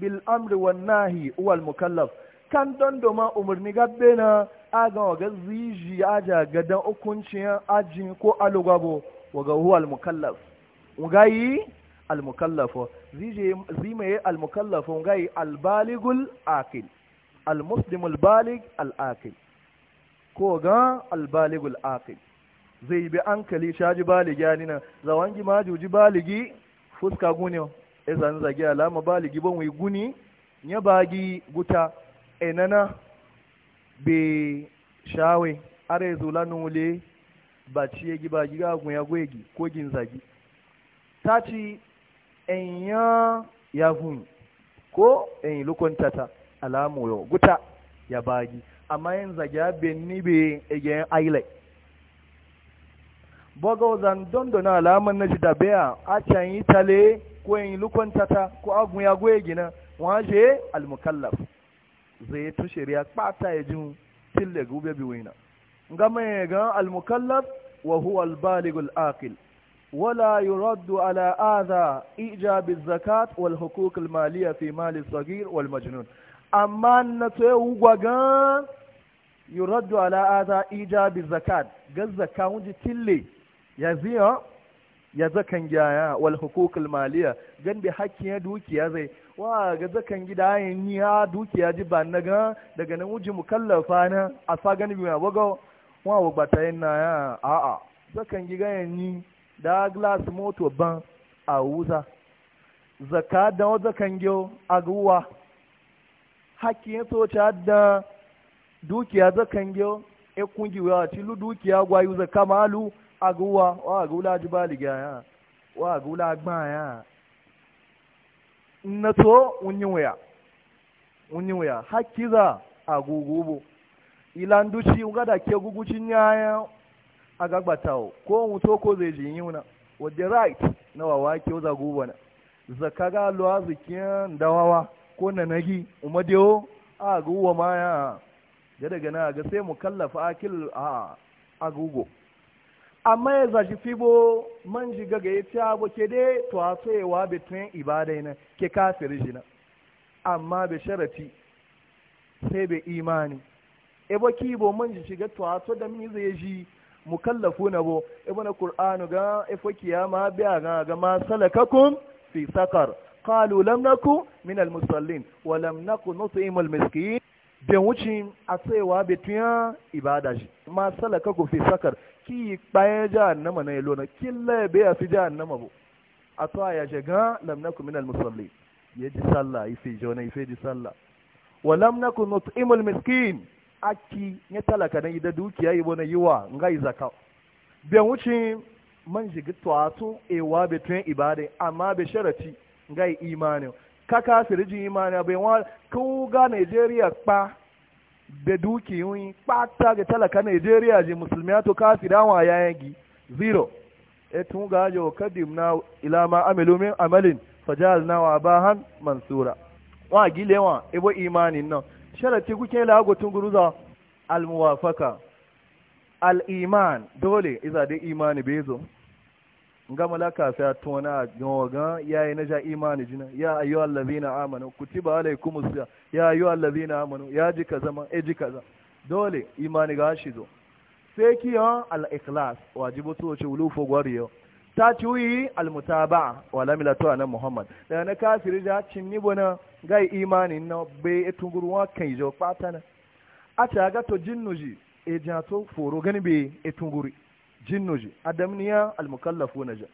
Speaker 1: bil amri wa nahi wal mukallaf kan don doma umarni gabbe na aga ga ziji aja gadan hukuncin aji ko alugwabo waga huwa al mukallaf ugayi al mukallaf zije zimaye al mukallaf ugayi al baligul almuslimul balig al'aqil ko ga albaligul aqil zai bi ankali shaji baligi yani na zawangi majuji baligi fuska gune ezan zage alama baligi bon wi guni nya bagi guta enana be shawe are zulanule baci yegi bagi ga gun ya gwegi ko gin zagi taci enya ya hun ko en lukontata alamu yo guta ya bagi amma yin zagya benni be egeyen aile bogo zan dondo na alaman na jida beya a can yi tale ko yin lukon tata ko agun ya goye gina waje almukallaf zai tu shari'a kpata ya jin tille gube bi wina ga ya ga almukallaf wa huwa albaligul aqil ولا يرد على آذى إيجاب الزكاة والحقوق المالية في مال الصغير والمجنون amma na to yau gwagan yuraddu ala aza ijabi zakat ga zakka wuji tille ya ziya ya zakan gaya wal al maliya gan bi hakkin ya dukiya zai wa ga zakan gida yin ya dukiya ji ba na daga nan wuji mukallafa na a sa gani bi ma bago wa wa bata yin na ya a a zakan giga yin ni da glass moto ban a wuza zakka da zakan gyo aguwa hakkin soca da dukiya kan gyo e wa ti lu dukiya gwayu za kamalu aguwa wa agula jibaliga ya wa gula agba ya na to unyiwa unyiwa hakki za agugubu ilan duci unga da ke gugucin yaya o ko to ko zai ji yuna wadda right na wawa ke za gubana zakaga lo azikin dawawa ko na nagi umadiyo a guwa ma ya Ga daga na ga sai mu kallafa akil a agugo amma ya shi fibo man shiga ga ya ci abu ke dai to a tsayewa bitin ibadai na ke kafir shi na amma bai sharafi sai bai imani ebo bo man shiga to a da mini zai ji Mu kallafa na bo ebo na qur'anu ga efo kiyama biya ga ga ma salakakum fi sakar qalu lam naku min al musallin wa lam naku nut'imu al miskin bin wuce a tsayawa bituya ibada shi ma salaka ku fi sakar ki baye nama na yalo na killa be a fi nama bu a to ya shiga lam naku min al musallin ya ji sallah fi jona fi ji sallah wa lam naku nut'imu al miskin aki ya talaka na ida dukiya yi bona yiwa Nga yi zakka bin wucin man shiga tuwatu ewa bituya ibada amma bi sharati ga imani kaka sirji imanin abin wa kuga Nigeria kpa da duki yi pata ga talaka Nigeria ji musulmi to da wa yayan gi zero tun ga jo kadim na ila ma amalin fajal na wa bahan mansura wa gilewa ebo imanin nan sharati kuke al muwafaka almuwafaka al'iman dole iza dai imani bezo nga malaka a tona ya yi na ja imani jina ya ayu allazina amanu kutiba alaikumus ya ayu allazina amanu ya ji kaza ma e ji kaza dole imani ga shi zo sai kiyo al ikhlas wajibu to ce ulufo gwariyo ta ci Al mutabaa. wa lamila to na muhammad da na kafiri ja cinni bona ga imanin na be etungurwa kai jo patana a ta ga to jinnuji e ja to foro gani be etunguri jinnu ji adamniya almukallafu na ja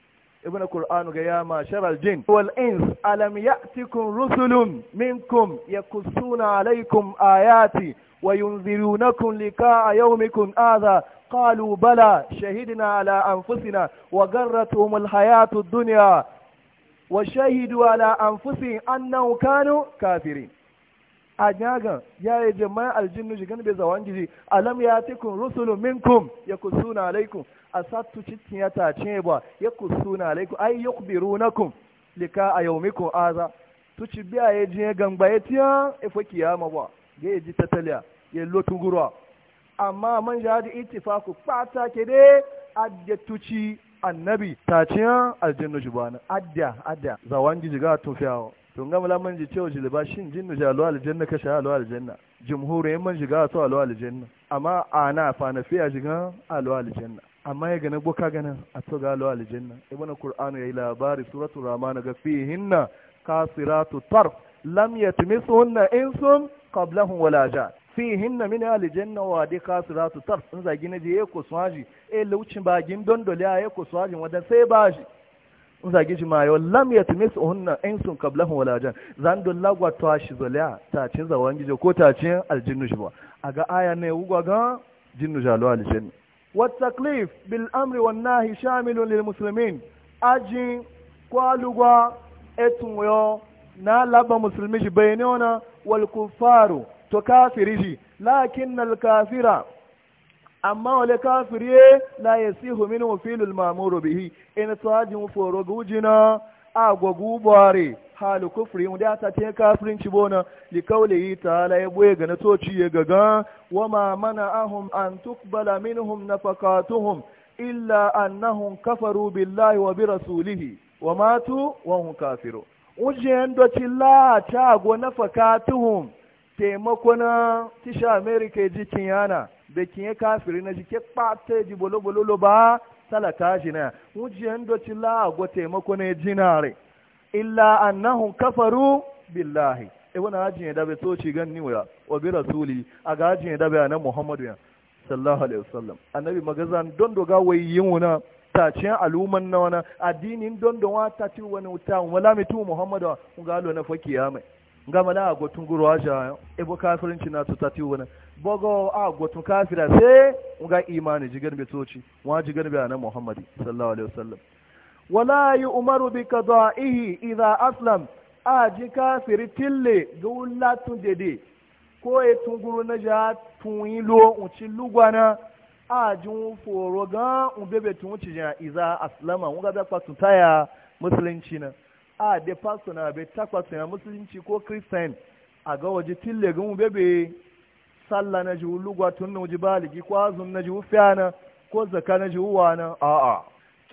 Speaker 1: ibn qur'an ga ya ma sharal jin wal ins alam ya'tikum rusulun minkum yakussuna alaykum ayati wa yunzirunakum liqa'a yawmikum adha قالوا بلى شهدنا على أنفسنا وغرتهم الحياة الدنيا وشهدوا على أنفسهم أنهم كانوا كافرين أجاغا يا جماعة الجن جيغان بزوانجي ألم يأتكم رسل منكم يقصون عليكم a sattu cikin ya tace ba ya na laiku ai yukbirunakum lika a yaumikum aza ci biya ya je gangba ya tiya ifa kiyama ba ga ya ji tattaliya ya lotu gurwa amma man ja da ittifaku fata ke dai adda tuci annabi taciya aljannu jubana adda adda zawan gijiga tufiyawa tun ga mala man ji cewa jilba shin jinnu ja alwa aljanna ka sha alwa aljanna jumhurin man jiga to alwa aljanna amma ana fa na fiya jiga alwa aljanna amma ya gane boka gana a to galo aljanna ibn qur'an yayi labari suratul rahman ga fi hinna kasiratu tar lam yatmisuhunna insun qablahum wala ja Fi hinna min aljanna wa di kasiratu tar sun zagi na je ko swaji e laucin gin dondole ya ko swaji wanda sai bashi sun zagi shi ma yau lam yatmisuhunna insun qablahum wala ja zan don lagwa to shi zolya ta cin zawan gijo ko ta cin aljinnu shi ba aga aya ne wugwa ga jinnu jalo aljanna والتكليف بالامر والنهي شامل للمسلمين اجي كوالوغا اتمويو نا لبا مسلميش بينونا والكفار تكافريجي لكن الكافر اما ولكافر لا يسيه منه فيل المامور به ان تواجه فوروغوجنا agwagu bare hali kufri mu da ta kafirin ci bona li kaulihi ta'ala ya boye ga na toci ya gaga wa ma mana'ahum an tuqbala minhum nafaqatuhum illa annahum kafaru billahi wa bi rasulihi wa matu wa hum kafiru ujen do ci la ta go nafaqatuhum taimako na tisha america jikin yana da kinye kafiri na jike pate ji bolo bolo ba talaka jina wujiyan doci la'agwa taimako ne re illa annahu kafaru billahi e wani hajji ne dabe toci gan niwa wa bi rasuli a ga ajiye ne dabe a nan muhammadu ya sallallahu alaihi wasallam annabi magazan don doga wai yin wuna tacin aluman na wani addinin don don wa ta ci wani wuta wala mitu muhammadu ga alo na fakiya mai gama na agotun guru aja ebo kafirin kafirinci na tutati wani bogo agotun kafira sai nga imani jigar bai toci wa jigar mai na muhammadi sallallahu alaihi wasallam wala yi umaru bi qada'ihi idha aslam a ji kafiri tille ga wulatun dede ko ya tunguru na ja tun yi lo unci lugwana a ji foro ga un bebe tun wuci ja iza aslama un ga da kwatun taya musulunci na a da fasuna bai takwas ya musulunci ko kristan a ga waje tille gan bebe salla na jiwu lugwa tun na waje baligi ko azun na jiwu fiyana ko zaka na jiwu wana a'a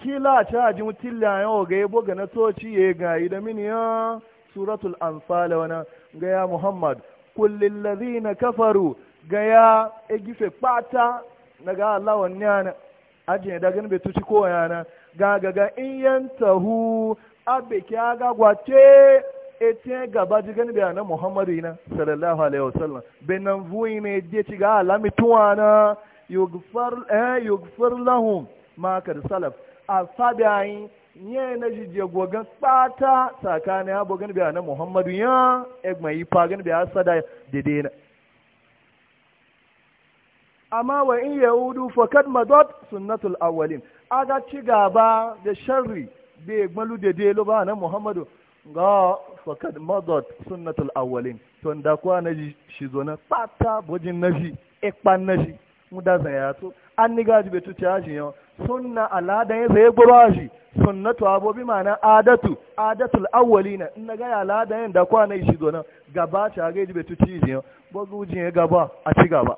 Speaker 1: kila ta ji tille a yau ga yabo ga na toci ya gayi da mini ya suratul anfal wana ga ya muhammad kullil ladina kafaru ga ya egife pata na ga Allah wannan ajiye da ganin bai tuci ko yana ga ga in yantahu abe ki aga gwate etinye gaba ji gani da na muhammadu ina sallallahu alaihi wasallam benan vuyi ne je ci ga alami tuwa na yugfar eh yugfar lahum ma kar salaf a sabi ayi nye na ji je gogan tsata tsakanin abu gani biya na muhammadu ya egma yi pagan a sada dede na amma wa in yahudu fakad madad sunnatul awwalin aga ci gaba da sharri bai gbalu daidai ló ba na muhammadu ga fakad mazot sunnatul awwalin to da kuwa na ji shi zo na fata bujin nashi ikpan nashi mu da zan yato an ni gaji bai tuce shi yau sunna alada ya zai gboro shi sunnatu abobi ma'ana adatu adatul awwalina in na ga alada ya da kuwa na shi zo na gaba ta ga ji bai tuce shi yau bugu jin gaba a ci gaba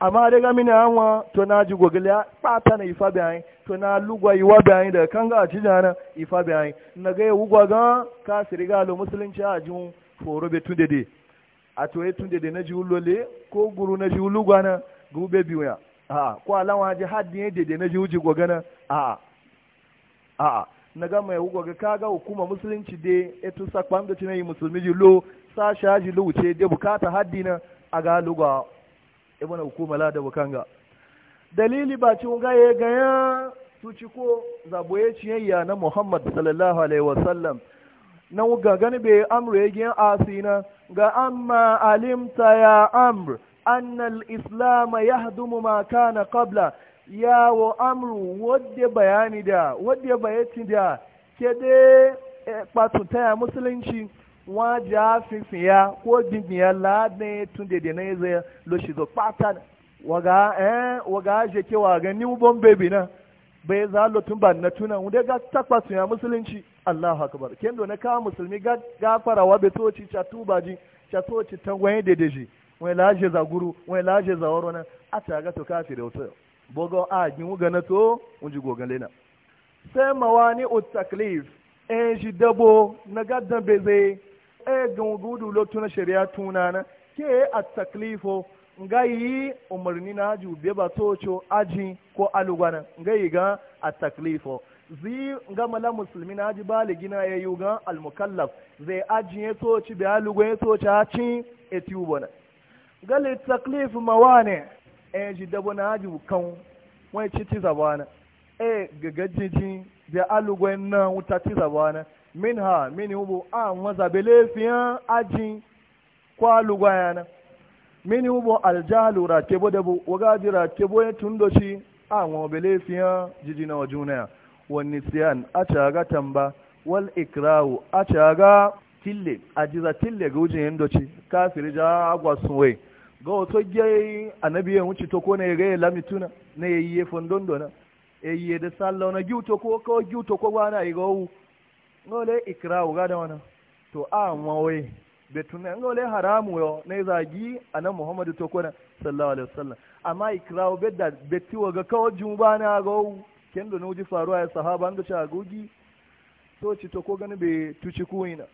Speaker 1: amma daga mini anwa to na ji gogila pata na ifa bayan tuna na lugwa yi wa bayani daga kanga a ci jana ifa bayani na ga yi wugwa ga ka siri ga lo musulunci a jin foro be tunde a to yi tunde de na ji ulole ko guru na ji ulugwa na gube biyu ya a ko alawa ji haddi ne dede na ji uji gogana a a na ga mai wugwa ga kaga hukuma musulunci de etu da musulmi ji lo sa shaji lo wuce de bukata haddi na a ga lugwa e hukuma la da bukanga dalili ba ci ga ya gaya ci ko zaboye ciyayya na muhammad sallallahu alaihi wasallam na ga gani bai amru ya gina asina ga amma alimta ya amru annal islam yahdumu ma kana qabla ya wa amru wadda bayani da wadda bayati da ke dai eh, patutaya musulunci wajen fifiya ko ya ladin tun da na ya zai lo shi zo patan waga eh waga je ke waga ni bon baby na bai za lotun ba na tuna unde ga takwas ya musulunci Allahu akbar ken do na ka musulmi ga fara wa to ci chatuba ji to ci tan waye de deji laje za guru wani laje za warona a ta ga to da wato bogo a gin ga na to unji gogale na sai mawani ut taklif e ji dabo na gaddan beze e gungudu lotuna shari'a tuna na ke at taklifo nga yi umarni na haji ube ba tocho aji ko alugwana nga yi ga a taklifo zi nga mala musulmi na ji baligi na ya yi ga almukallaf zai aji ya toci bai alugwa ya toci a cin eti ubana ga le taklif mawane e ji dabo na haji kan wani ci ti zabana e gagajiji da alugwa na wuta ti zabana min ha min hubu an waza belefiyan aji ko alugwa yana mini ubo aljahalu ratebo debu wagaji ratebo ya tundo shi a ngobele fiya jiji na wajuna ya wani siyan a caga tamba wal ikrawu a caga tille a jiza tille ga wujin yin doci kafiri ja agwa wai ga wato gyayi annabi ya wuce to ko na ya gaya lamituna na ya yi fondondo na ya e yi da sallah na giuto ko ko giuto ko gwana ya ga wu ngole ikrawu ga da wana to a ngwawe betun an gole haramu yo ne zagi anan muhammadu to kona sallallahu alaihi wasallam amma ikrawo bedda betti waga kawo jumba na go kendo no ji faruwa ya sahaba an ga agogi to ci to ko gani be tuci kuina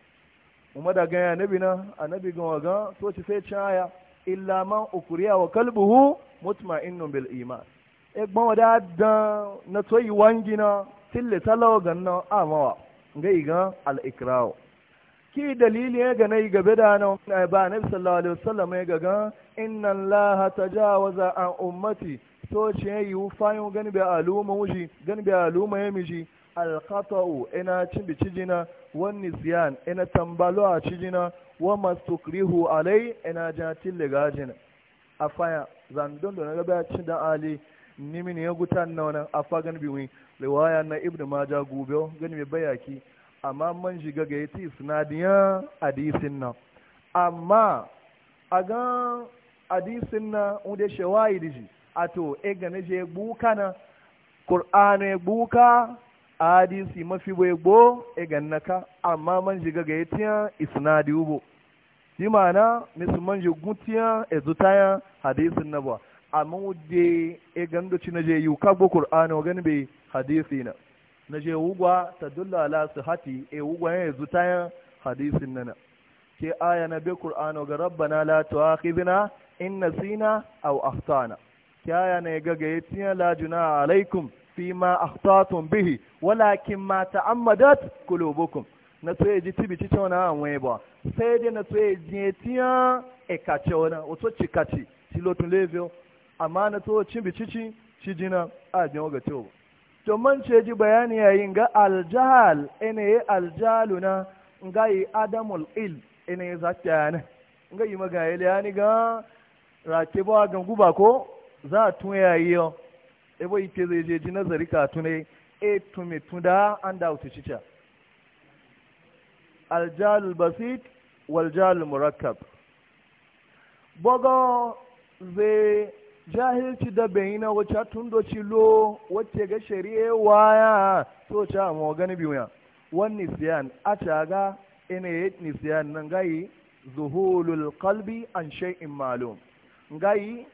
Speaker 1: umma da ga nabi na annabi ga waga to ci sai chaya illa man ukriya wa kalbuhu mutma'innun bil iman e gbon wa da na toyi wangina tille talawa ganna amawa ngai ga al ikrawo ki dalili ya ganai gabe da nan eh, ba nabi sallallahu alaihi wasallam ya gaga inna allaha tajawaza an ummati so ce yi fayin gani bi aluma wuji gani bi aluma ya miji alqata'u ina cin bi cijina wan nisyan ina tambalo a cijina wa mastukrihu alai ina jatil legajina afaya don don na gaba cin da ali nimin ya gutan nan afa gani bi wi riwaya na ibnu majah gobe gani bi bayaki amma man shiga ga yace sinadiyan hadisin nan amma a ga hadisin nan unde shawai diji ato e ne eh, je buka na qur'ano e buka hadisi mafi bai bo e eh, naka amma man shiga ga yace isnadi ubo shi man shiga gutiya e zutaya hadisin na ba amma wanda e eh, ga ndo cinaje je yuka go qur'ano gani be hadisi na na je wugwa ta dulla ala su hati e wugwa ya zuta hadisin nana ke aya na bi qur'ano ga rabbana la tu'akhidna in nasina aw akhtana ke aya na ga ga yatiya la juna alaikum fi ma akhtatum bihi walakin ma ta'ammadat qulubukum na so ji tibi ci tona an ba sai dai na tsaye ji yatiya e kace wani wato ci kace lotun level amma na to cin bi ci ci jina a jin ga to man ce ji bayani yayin ga aljahal ene aljaluna ga yi adamul il ene zakka yana ga yi magayil ni ga rake ba ga guba ko za a tun yayi yo e boy ke zai je ji nazari ka tune e tumi tunda an da wuce cica aljalul basit wal murakab murakkab bogo zai jahilci da bai na wacce tun doci lo wacce ga shari'a waya to ta mu gani biyu ya wani siyan a ga ina yi nisiyan nan gai zuhulul kalbi an shay'in malum gayi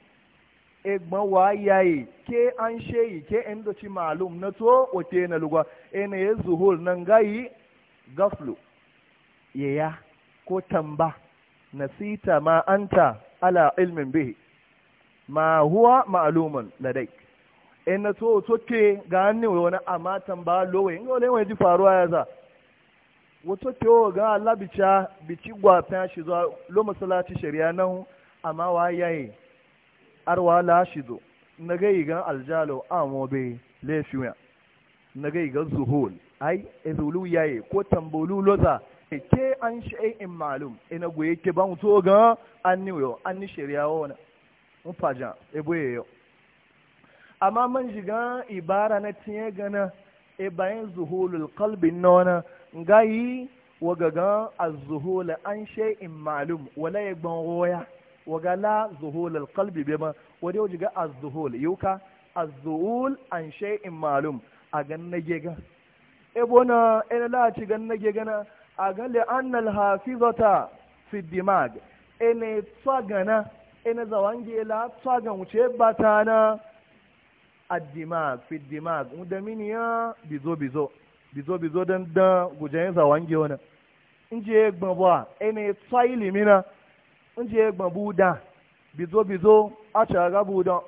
Speaker 1: egban wayaye ke an shayi ke in doci malum na to wace na lugwa ina yi zuhul nan gai gaflu yaya ko tamba nasita ma anta ala ilmin bihi ma huwa ma'lumun ladai in na so ga hannun wani amma tamba lowe in wani wani ji faruwa ya za wato ke wa ga Allah bica bici gwafin shi zuwa lo masalaci shari'a nan amma wa yayi arwa la shi zo na ga igan aljalo amobe lefiya na ga igan zuhul ai ezulu yayi ko tambolu loza ke an shi'in malum ina goye ke ban so ga an niwo an ni shari'a wona mufaja ya yayo amma man shiga ibara na tiye gana e bayan zuhulul qalbi nona ngayi wagaga az-zuhul an shay'in ma'lum wala yagban goya waga la zuhulul qalbi bema wadi wajiga az-zuhul yuka az-zuhul an shay'in ma'lum a gan gega ebo na ina e la ci ganna gega na a ga li anna al-hafizata fi dimag ene tsagana ina zawange la tsaga wuce bata na addimag fi dimag da miniya bizo bizo bizo bizo dan da gujen zawange wani nje gbọn bọ ina tsa ilimi na in je bu da bizo bizo a shaga bu da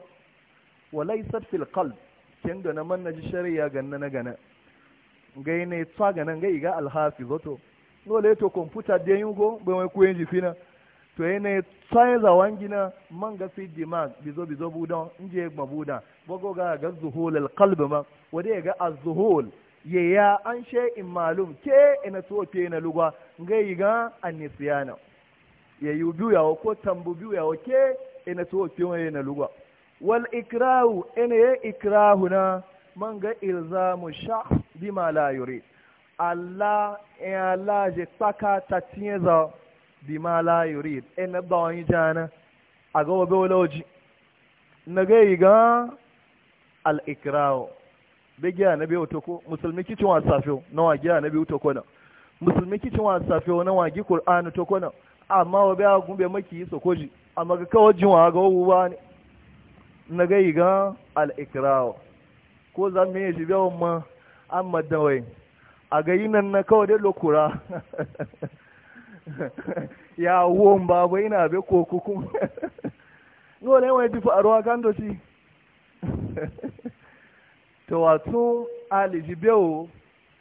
Speaker 1: walai fil qalb kin da na man na ji shari'a ganna na gana gai ne tsa ganan nan ga alhafi zoto dole to computer da yungo bai mai kuyen jifina to ne tsaye za wangina man ga fi dimag bizo bizo budan inje ma budan bago ga ga zuhul alqalb ma ya ga zuhul ya ya an in malum ke ina to ke na lugwa yi ga nisiyana ya biyu yawo ko biyu yawo ke ina to ke na lugwa wal ikrahu ina ya na man ga ilzamu shah bima la Allah ya e laje saka ta tiye za bima la yurid en ba wani jana a ga wabe walaji na ga yi ga al-ikrawo be giya na biyu toko musulmi kicin wasa fiyo na wa giya na biyu toko na musulmi kicin wasa fiyo na wa gi qur'ani toko na amma wabe agun be maki sokoji amma ga kawo jinwa ga wuwa ne na ga yi ga al-ikrawo ko za mu yi shi biyawan ma amma dawai a ga yi nan na kawai dai lokura (laughs) (laughs) ya won baba ina be koko kuma (laughs) dole wai ji faruwa kan do shi (laughs) to wato aliji bewo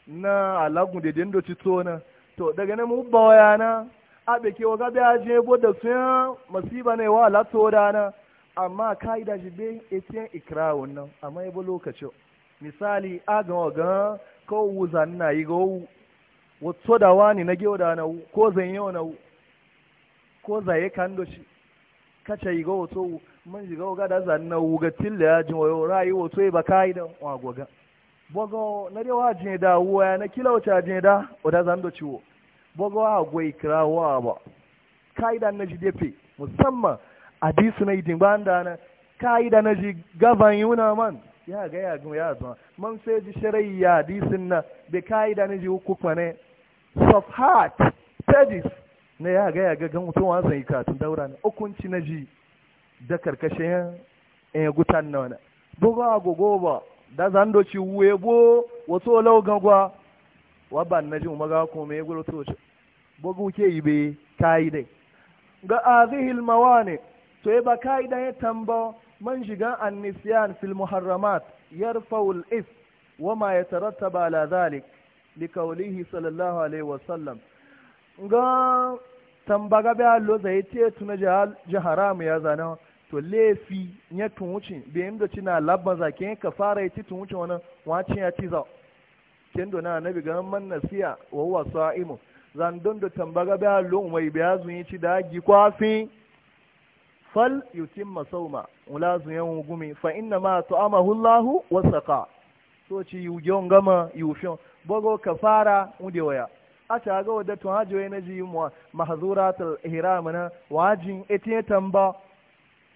Speaker 1: na alagun de den to daga na mu bawaya na abe ke waga be aje bo da sun masiba ne wa lato dana amma kaida shi be etin ikrawun nan amma yabo lokacin misali aga ogan ko wuzan na yi go wato da wani na da na ko zan yau na ko zaye kan shi kace yi ga wato mun ji ga da zan na wuga tilla ya ji wayo rayi wato ba kai da wagoga bogo na dewa jin da ya na kila wata jin da oda zan do ciwo bogo ha goyi wa ba kai na ji dafe musamman hadisu na idin banda na kai na ji gaban yuna man ya ga ya ga ya zo man sai ji sharai ya hadisin na be kai na ji hukuma ne Sofhat pages na ya ga ya ga gan mutum zan yi katun daura na hukunci na ji da karkashin ya gutan na wani a gogo ba da zan doci webo bo wato lau gagwa wa ban na ji umaga ko me gulo to bugu ke yi be kai dai ga azihil mawani to ya ba kai dai tambo man shiga an nisyan fil muharramat yarfa'u al is wa ma yatarattaba ala zalik likaulihi sallallahu alaihi wasallam ga tambaga ba lo zai ce tuna jiharamu ya zana to laifi ya tun wuce bai yin da cina labban zake yin ka fara ya ci tun wuce wani wacin ya ci za kin dona na bi ga man nasiya wa huwa sa'imu zan don da tambaga ba lo mai bai zun yi ci dagi kwafi fal yutimma sauma wala zun yan gumi fa inna ma tu'amahu Allahu wasaqa so ci yujon gama yufin bago kafara unde waya a ga wada to hajo na ji mahzuratul ihram na wajin etiye tamba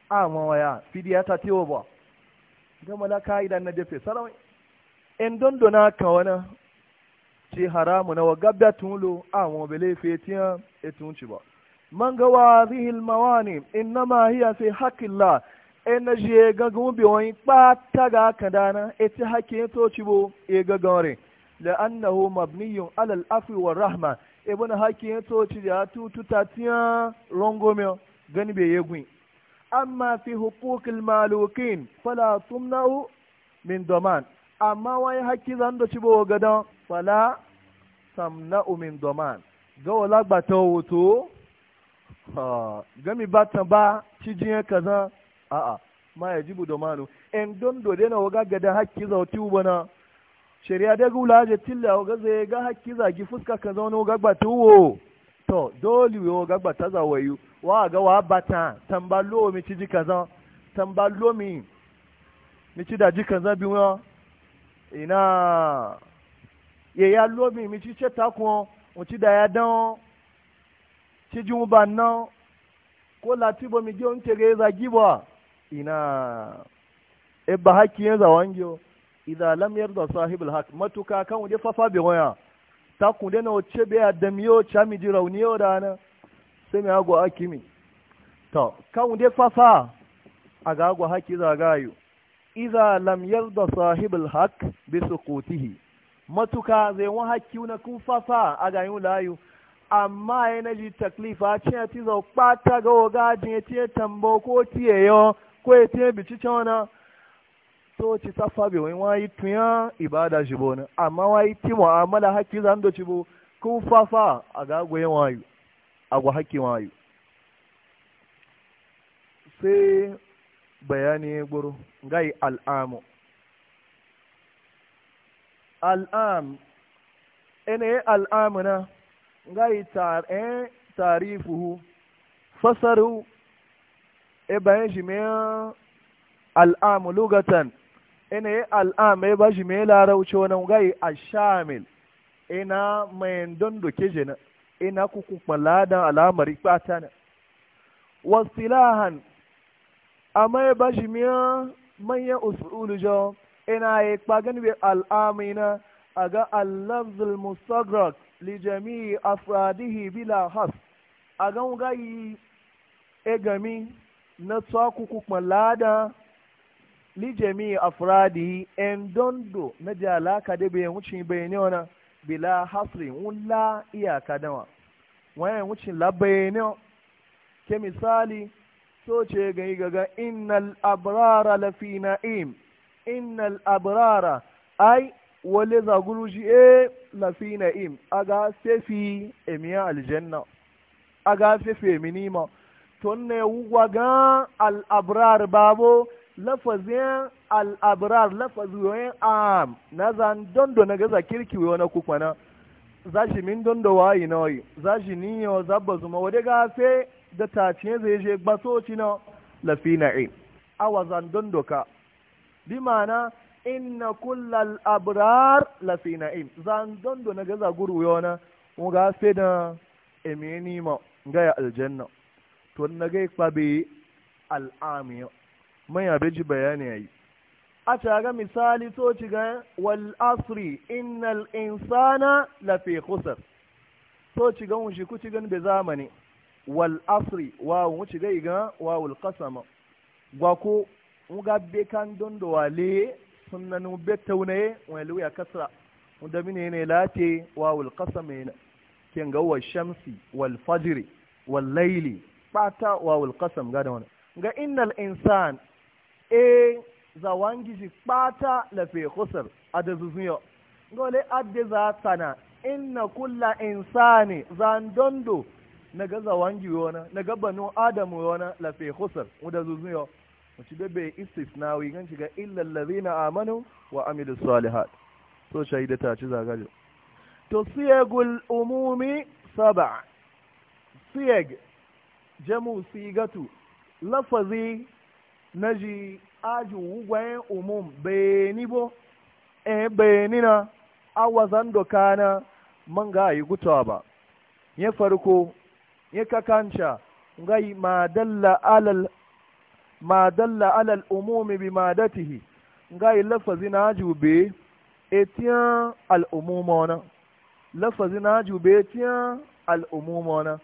Speaker 1: a waya fidiya ta tewa ba gama na ka'ida na dafe sarawai in dondona ka wana ce haramu na wagabda tulu a fetiya etun ci ba man ga wa zihil mawani innama hiya fi haqqillah en je ga gumbe wani pata ga kadana eti hakke to bo e ga gore la'annahu mabniyun alal afi wa rahma ibn hakim ya toci da ta tatiya rongomio gani bai yegwi amma fi hukukil malukin fala tumna'u min doman amma wai haki zan da cibo gadan fala samna'u min doman ga wala gbata wuto gami batan ba cijiyan kaza a'a ma yajibu domanu en don do dena waga gada haki zauti ubana shari'a da gula je tilla ga zai ga hakki zagi fuska kan zauna ga gbatuwo to dole yo ga gbata zawayu wa ga wa bata tambalo mi ci kaza tambalo mi mi ci da ji kaza bi wa ina ye ya lo mi mi ci cheta kun o ci da ya dan ci jun ba na ko latibo mi je on tere zagi ba ina e ba hakki ya zawangyo idza lam yarda sahibul haq matuka kan waje fafa bi waya ta ku de na wace be adamiyo chami ji rauniyo da na sai me ago akimi to kan waje fafa aga ago haki za gayu idza lam yarda sahibul haq bi suqutihi matuka zai wa haki na kun fafa aga yu layu amma yana ji taklifa a cikin ati zau kpata ga oga je tiye tambo ko tiye yo ko ya tiye ci chona so ci safa be wani wayi tuya ibada shi bona amma wayi ti mu'amala hakki zan do ci bo ku fafa a ga goye wayu a go hakki wayu sai bayani guru gai al'amu al'am ene al'amuna gai tar eh tarifuhu fasaru e bayan shi me al'amu lugatan ene al'am ya bashi mai larauci wani gai a shamil ina mai don doke jina ina kukun maladan al'amari fata ne wasilahan amma ba bashi miya manyan usulu jo ina ya kpagan bi al'amina a ga allazul musagrak li jami'i afradihi bila has a ga gai egami na tsakuku maladan li jami'i afradi en dondo na ji alaka da bai wuce bai ne wani bila hasri wula iyaka dawa wayan wuce labai ne ke misali so ce gani gaga innal abrara lafi na'im innal abrara ai wale guruji e lafi na'im aga sefi emiya aljanna aga sefi eminima tonne wugwaga al abrar babo lafazin al’abirar lafazin am na zan dondo na gaza kirki wani kukwana za shi min dondo wayi na wayi za shi niyo zaba zuma wadda gafe da tafiye zai je gbasoci na lafi na'i awa zan dondo ka bi mana inna kullal abrar lafi na'im zan dondo na gaza guru yana mu gafe da emeni ma gaya aljanna to na gai kwabe al'amiyo manya ji bayani ya yi. a ga misali so ci ga wal asri innal insana lafi khusr to ci ga mun shi ku ci gan be zamani wal asri wa mun ci ga iga wa wal qasama gwa ko mun ga be kan don do wale sunnanu be taune walu ya kasra Mu da mine ne late wa wal qasama ne e ken ga wa shamsi wal fajri wal layli Fata wa wal qasam ga da wannan ga innal insan e zawangiji ɓata fi husar a da zuzuyo gole adde za sana inna kulla insani zandondo na ga zawangi yona na ga banu adamu yona fi husar da zuzuyo mutu da bai istisnawi gan shiga illa ladina amanu wa amilu salihat so shaida ta ci zagaje to siyagul umumi saba siyag jamu sigatu lafazi naji aju aji umum beni bo e beni na awazan doka na man ga yi gutawa ba ya farko ya kakanca ngai ma dalla alal ma alal umumi bi madatihi ngai lafazi na be etiyan al umumona lafazi na be etiyan al umumona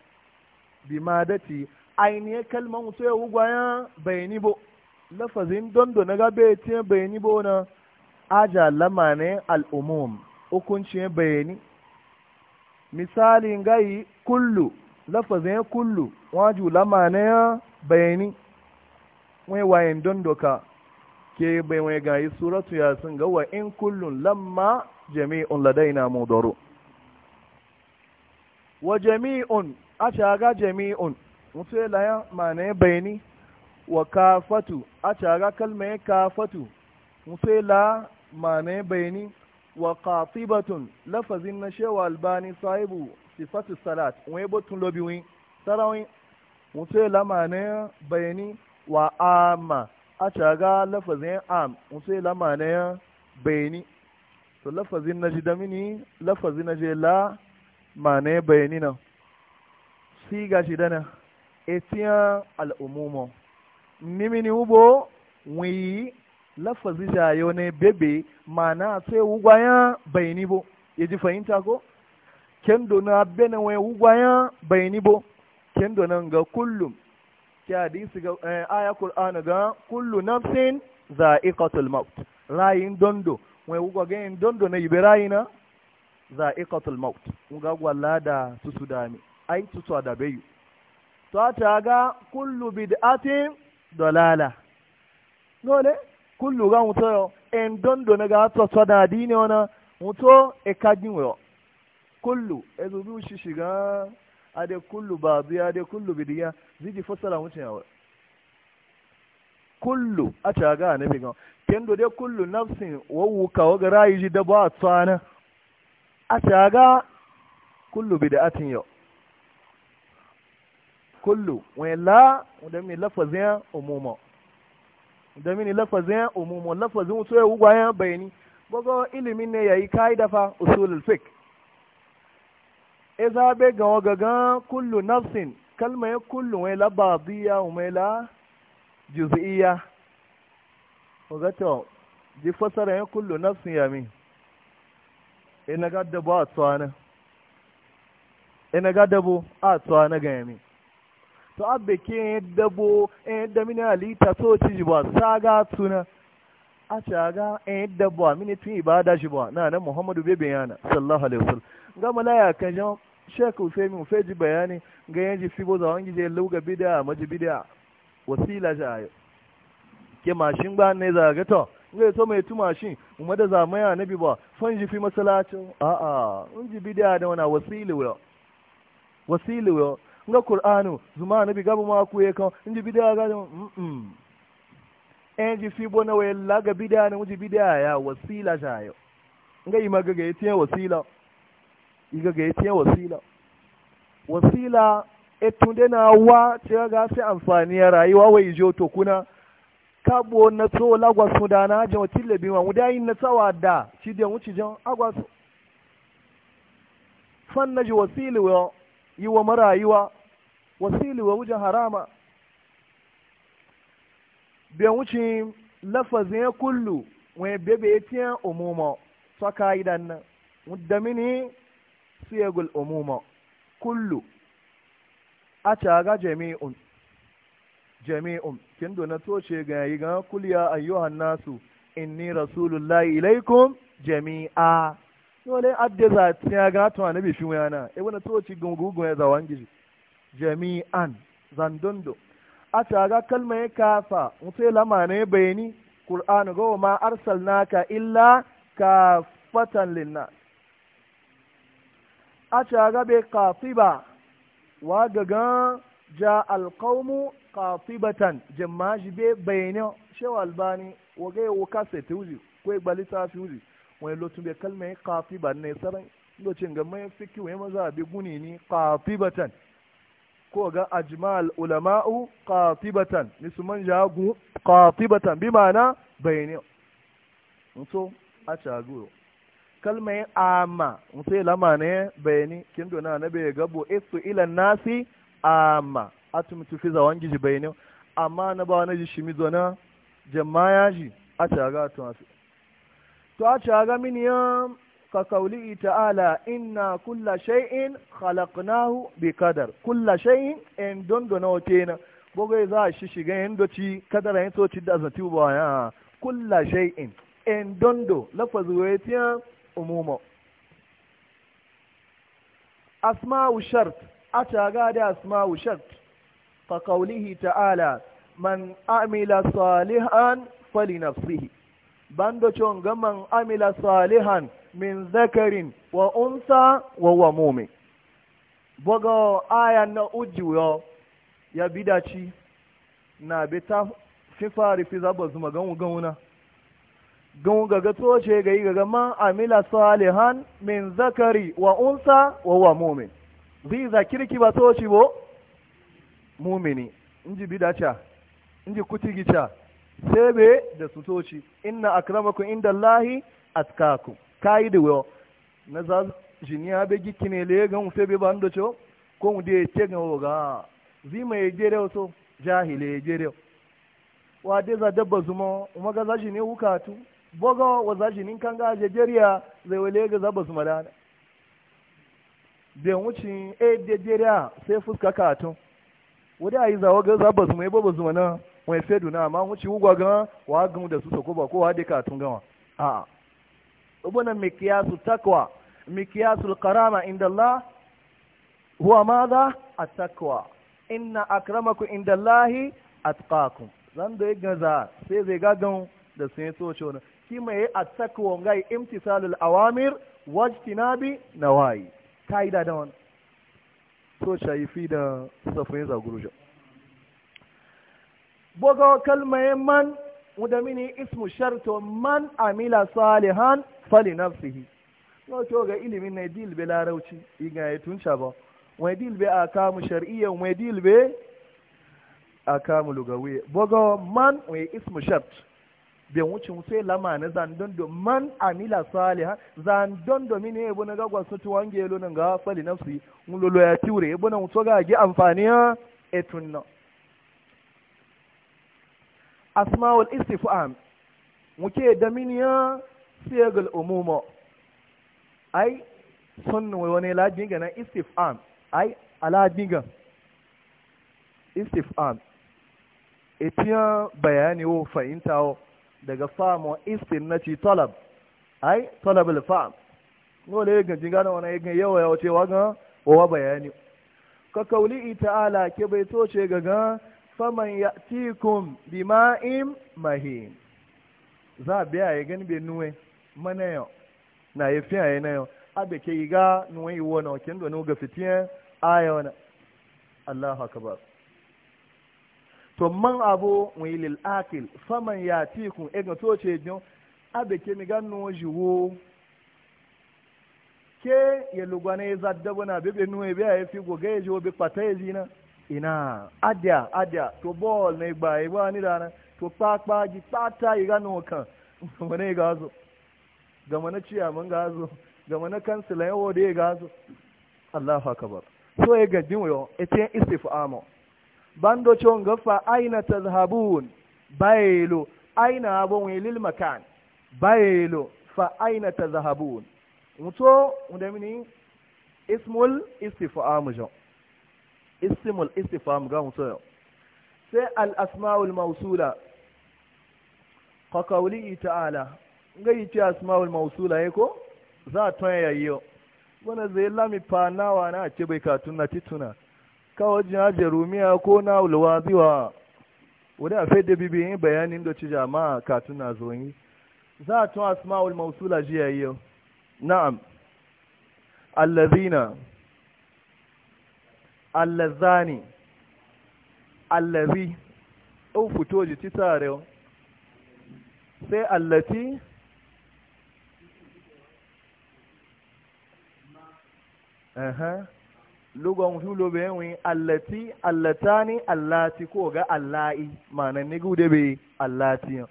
Speaker 1: bi madati ainihin ya wuce wugwayen bayani bo lafazin dondo na gabe tiyan bayani ba wani aja ne al'umum hukuncin bayani misali gai kullu lafazin kullu waju lamanin bayani wai wayan dondo ka ke bai wai gayi suratu ya sun ga wa in kullun lamma jami'un ladaina mudaru wa jami'un a shaga jami'un mutu ya laya ne bayani wa kafatu a cara kalmar kafatu musu la mane bayani wa qatibatun lafazin na shewa albani sahibu sifatu salat wai botun lobiwi sarawin musu la mane bayani wa amma a cara lafazin am musu la mane bayani to lafazin na ji damini lafazin na je la mane bayani na siga shi dana etiyan al'umumo nimini ubo wi lafazi jayo ne bebe mana sai ugwaya bayani bo yaji fahimta ko kendo na bene wai ugwaya bayani bo kendo nan ga kullum ki hadisi ga eh, aya qur'ana ga kullu nafsin za'iqatul maut rayin dondo wai ugwa ga dondo na ibrahima za'iqatul maut uga gwala da susu dami ai susu da bayu to ta ga kullu bid'atin Dolala, dole kullu ga mutu yo en dondo na ga to to da dini ona mutu e kajin yo kullu e zo bi shi ga ade kullu ba bi ade kullu zi di fasala mutu ya kullu a caga bi ga kendo de kullu nafsin ka wa ga rayi ji da ba tsana a ga kullu bi da atin yau kullu wani la da mini lafazin umuma da mini lafazin umuma lafazin so ya wugwayen bayani bugo ilimin ne yayi kaida fa usulul fiqh iza be ga wagaga kullu nafsin kalma ya kullu wani la badiya wani la juz'iyya wagato ji fasara ya kullu nafsin yamin ina ga dabo a tsawana ina ga dabo a tsawana ga yamin to abbe ke dabo eh da mini alita so ci ba saga suna a shaga eh dabo mini tun ibada shi ba na nan muhammadu be bayana sallallahu alaihi wasallam ga malaya kan jan shek usaimin feji bayani ga yanji fibo za wangi je luga bid'a maji bid'a wasila jayo ke mashin ba ne za ga to ngai to mai tumashin kuma da zamaya nabi ba fanji fi masalacin a'a unji bid'a da wana wasila wasila nga qur'anu zuma nabi gabu ma ku ye kan inji bidaya ga mm mm enji fi bona we laga bidaya na uji bidaya ya wasila jayo nga yi maga ga yetiye wasila iga ga yetiye wasila wasila etunde na wa ce ga sai amfani ya rayuwa wai jo to kuna kabo na to lagwa su da na jan tille biwa mudayin na sawada da shi da wuci jan agwa su fan wasili ji yi wa marayuwa wasili wa wujen harama bai wuce lafazin ya kullu wani bebe ya tiyan umuma ta ka'idan nan da mini siyagul umuma kullu a caga jami'un jami'un kin dona toce ga yi ga kuliya ayyuhan nasu inni rasulullahi ilaikum jami'a dole adda za ta ga to anabi shi wayana e wani toci gungu ya zawan jami'an zandundu a taga kalmar ya kafa mutai lama ne bayani ƙur'an ga ma naka illa kafatan linnas a taga bai kafi ba wa daga ja alƙaumu kafibatan shi bai bayani shewa albani wa ga wuka sai ta wuzi ko ya ta fi wuzi wani lotun bai kalmar ya kafiba ne sarai lokacin ga mai fiki wani maza bi guni ni kafi kafibatan ko ga ajmal ulama'u qatibatan musulman jagu qatibatan bi mana bayani so a cagu kalmai amma mutai lama ne bayani kin dona na bai gabo isu ila nasi amma atum tufi zawan giji bayani amma na ba na ji shimi zona jama'a ji a caga to a to miniyam كقوله تعالى إنا كل شيء خلقناه بقدر كل شيء إن دون دونوتين بوغي ذا ششيغين دوتي قدر إن توتي دازنتي وبايا كل شيء إن دون دو لفظ ويتيا أمومو أسماء الشرط غادي أسماء الشرط فقوله تعالى من عمل صالحا فلنفسه بندو چون من عمل صالحا min zakarin wa unsa wa wa mumin boga aya na ujiyo ya bidaci na bita fari fi zaba zuma gauna gan ganu ga toce ga yi gaga man amila salihan min zakari wa unsa wa wa mumin zai za kirki ba toci bo mumini inji bidacha inji kutigicha sebe da su toci inna akramakum indallahi atkakum kayi da wayo na za jiniya be gikki ne le ga mufe be ban do cho ko mu de te ga ga zi mai jere so jahile jere wa de za dabba zuma kuma ga za jini wukatu boga wa za jini kan ga jeriya zai wale ga za ba zuma da da wucin e de jeriya sai fuska katun wuri a yi zawo ga za ba zuma ya ba zuma na wai fedu na amma wuce wugwa ga wa gamu da su sako ba katun gama a'a ubuna mikiyasu takwa mikiyasul karama inda Allah huwa maza a takwa inna akramaku inda Allahi atqakum zan da gaza sai zai gagan da sun yi soce wani shi mai a takwa ngai imtisalul awamir wajtinabi Ta yi da wani so shaifi da safin zagurjo boga kalmayin man wadda mini ismu sharto man amila salihan fali nafsihi no to ga ilimin na dil be larauci inga ya tunca ba wai dil be akamu shar'iyya wa dil be akamu lugawi bogo man wa ismu shart be wuce sai lama zan zandon do man amila saliha zandon do mine ebo na gagwa su tuwange lo nan ga fali nafsi mulolo ya ture ebo na mutso ga gi amfani ya etunna asma'ul istifham muke da miniya siyagal umuma ai sunnu wani ladinga na istifam ai aladinga istifam etiyan bayani wo fahimta wo daga famo istin na ci talab ai talab al-fam wala ya ganjin gane wani ya ganjin yawa yawa cewa ga wa bayani ka kauli ta'ala ke bai toce ga ga faman ya'tikum bima'in mahin za biya ya gani bai nuwe mana yau na ya fiya yana yau abe ke yi ga nuwa yi wani ga da nuga fitiyan aya wani allahu akabar to man abu wani yi lil'akil faman ya ti kun ega to ce jiyo abe ke mi ga nuwa wo ke ya na ya zadda na bebe nuwa biya ya fi goga ya wo bi kpata ya na ina adya adya to bol e na igba igba ni dana to kpakpa ji kpata yi ga nuwa kan (laughs) wani ga zo gama na ciyaman gazo gama na kansila yawo da ya gazo Allahu akabar so ya gajin yo ete istifamo bando chon gafa aina zahabun bayelo aina abon lil makan bayelo fa aina mutu muto mini ismul amo jo ismul amo ga mutu yau sai al asmaul mawsula ka kauli ta'ala ngai ce asma'ul mausula ya ko za a tun yayyo wanda zai lami fa nawa na ce bai katun na tituna kawo jina jerumiya ko na ulwa biwa wani a fai da bibiyin bayanin da ci jama'a katun na zo yi za a tun asma'ul mausula ji yayyo na'am allazina allazani allazi ɗau fito ji ci tare sai allati lugon hulo bai allati allatani allati ko ga alla'i ma'ana ni gude be allati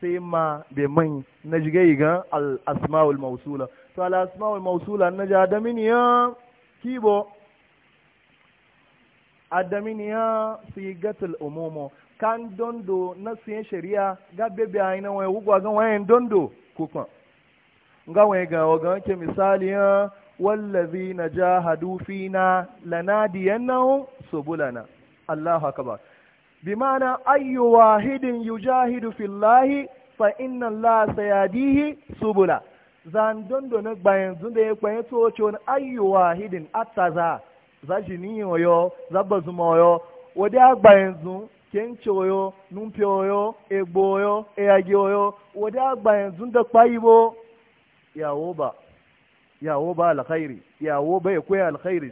Speaker 1: sai ma be mai na jiga yi gan al'asma'ul mausula to al'asma'ul mausula na ji adaminiya kibo adaminiya sigatul umumo kan dondo na siyan shari'a ga bebe a ina wani a gan wayan dondo kukan ga wani ga wagan ke misali yan wallazi na jahadu fina lanadiyannahum subulana Allahu akbar bi ma'ana ayyu wahidin yujahidu fillahi fa inna Allah sayadihi subula zan dondo na gbayan zun da ya gbayin tsoci wani ayyu wahidin attaza za shi ni oyo za bazuma oyo wadi gbayan zun kenci oyo numfi oyo egbo oyo eyagi oyo wadi gbayan zun da kpayibo yawo ba yawo ba alkhairi yawo bai koya alkhairi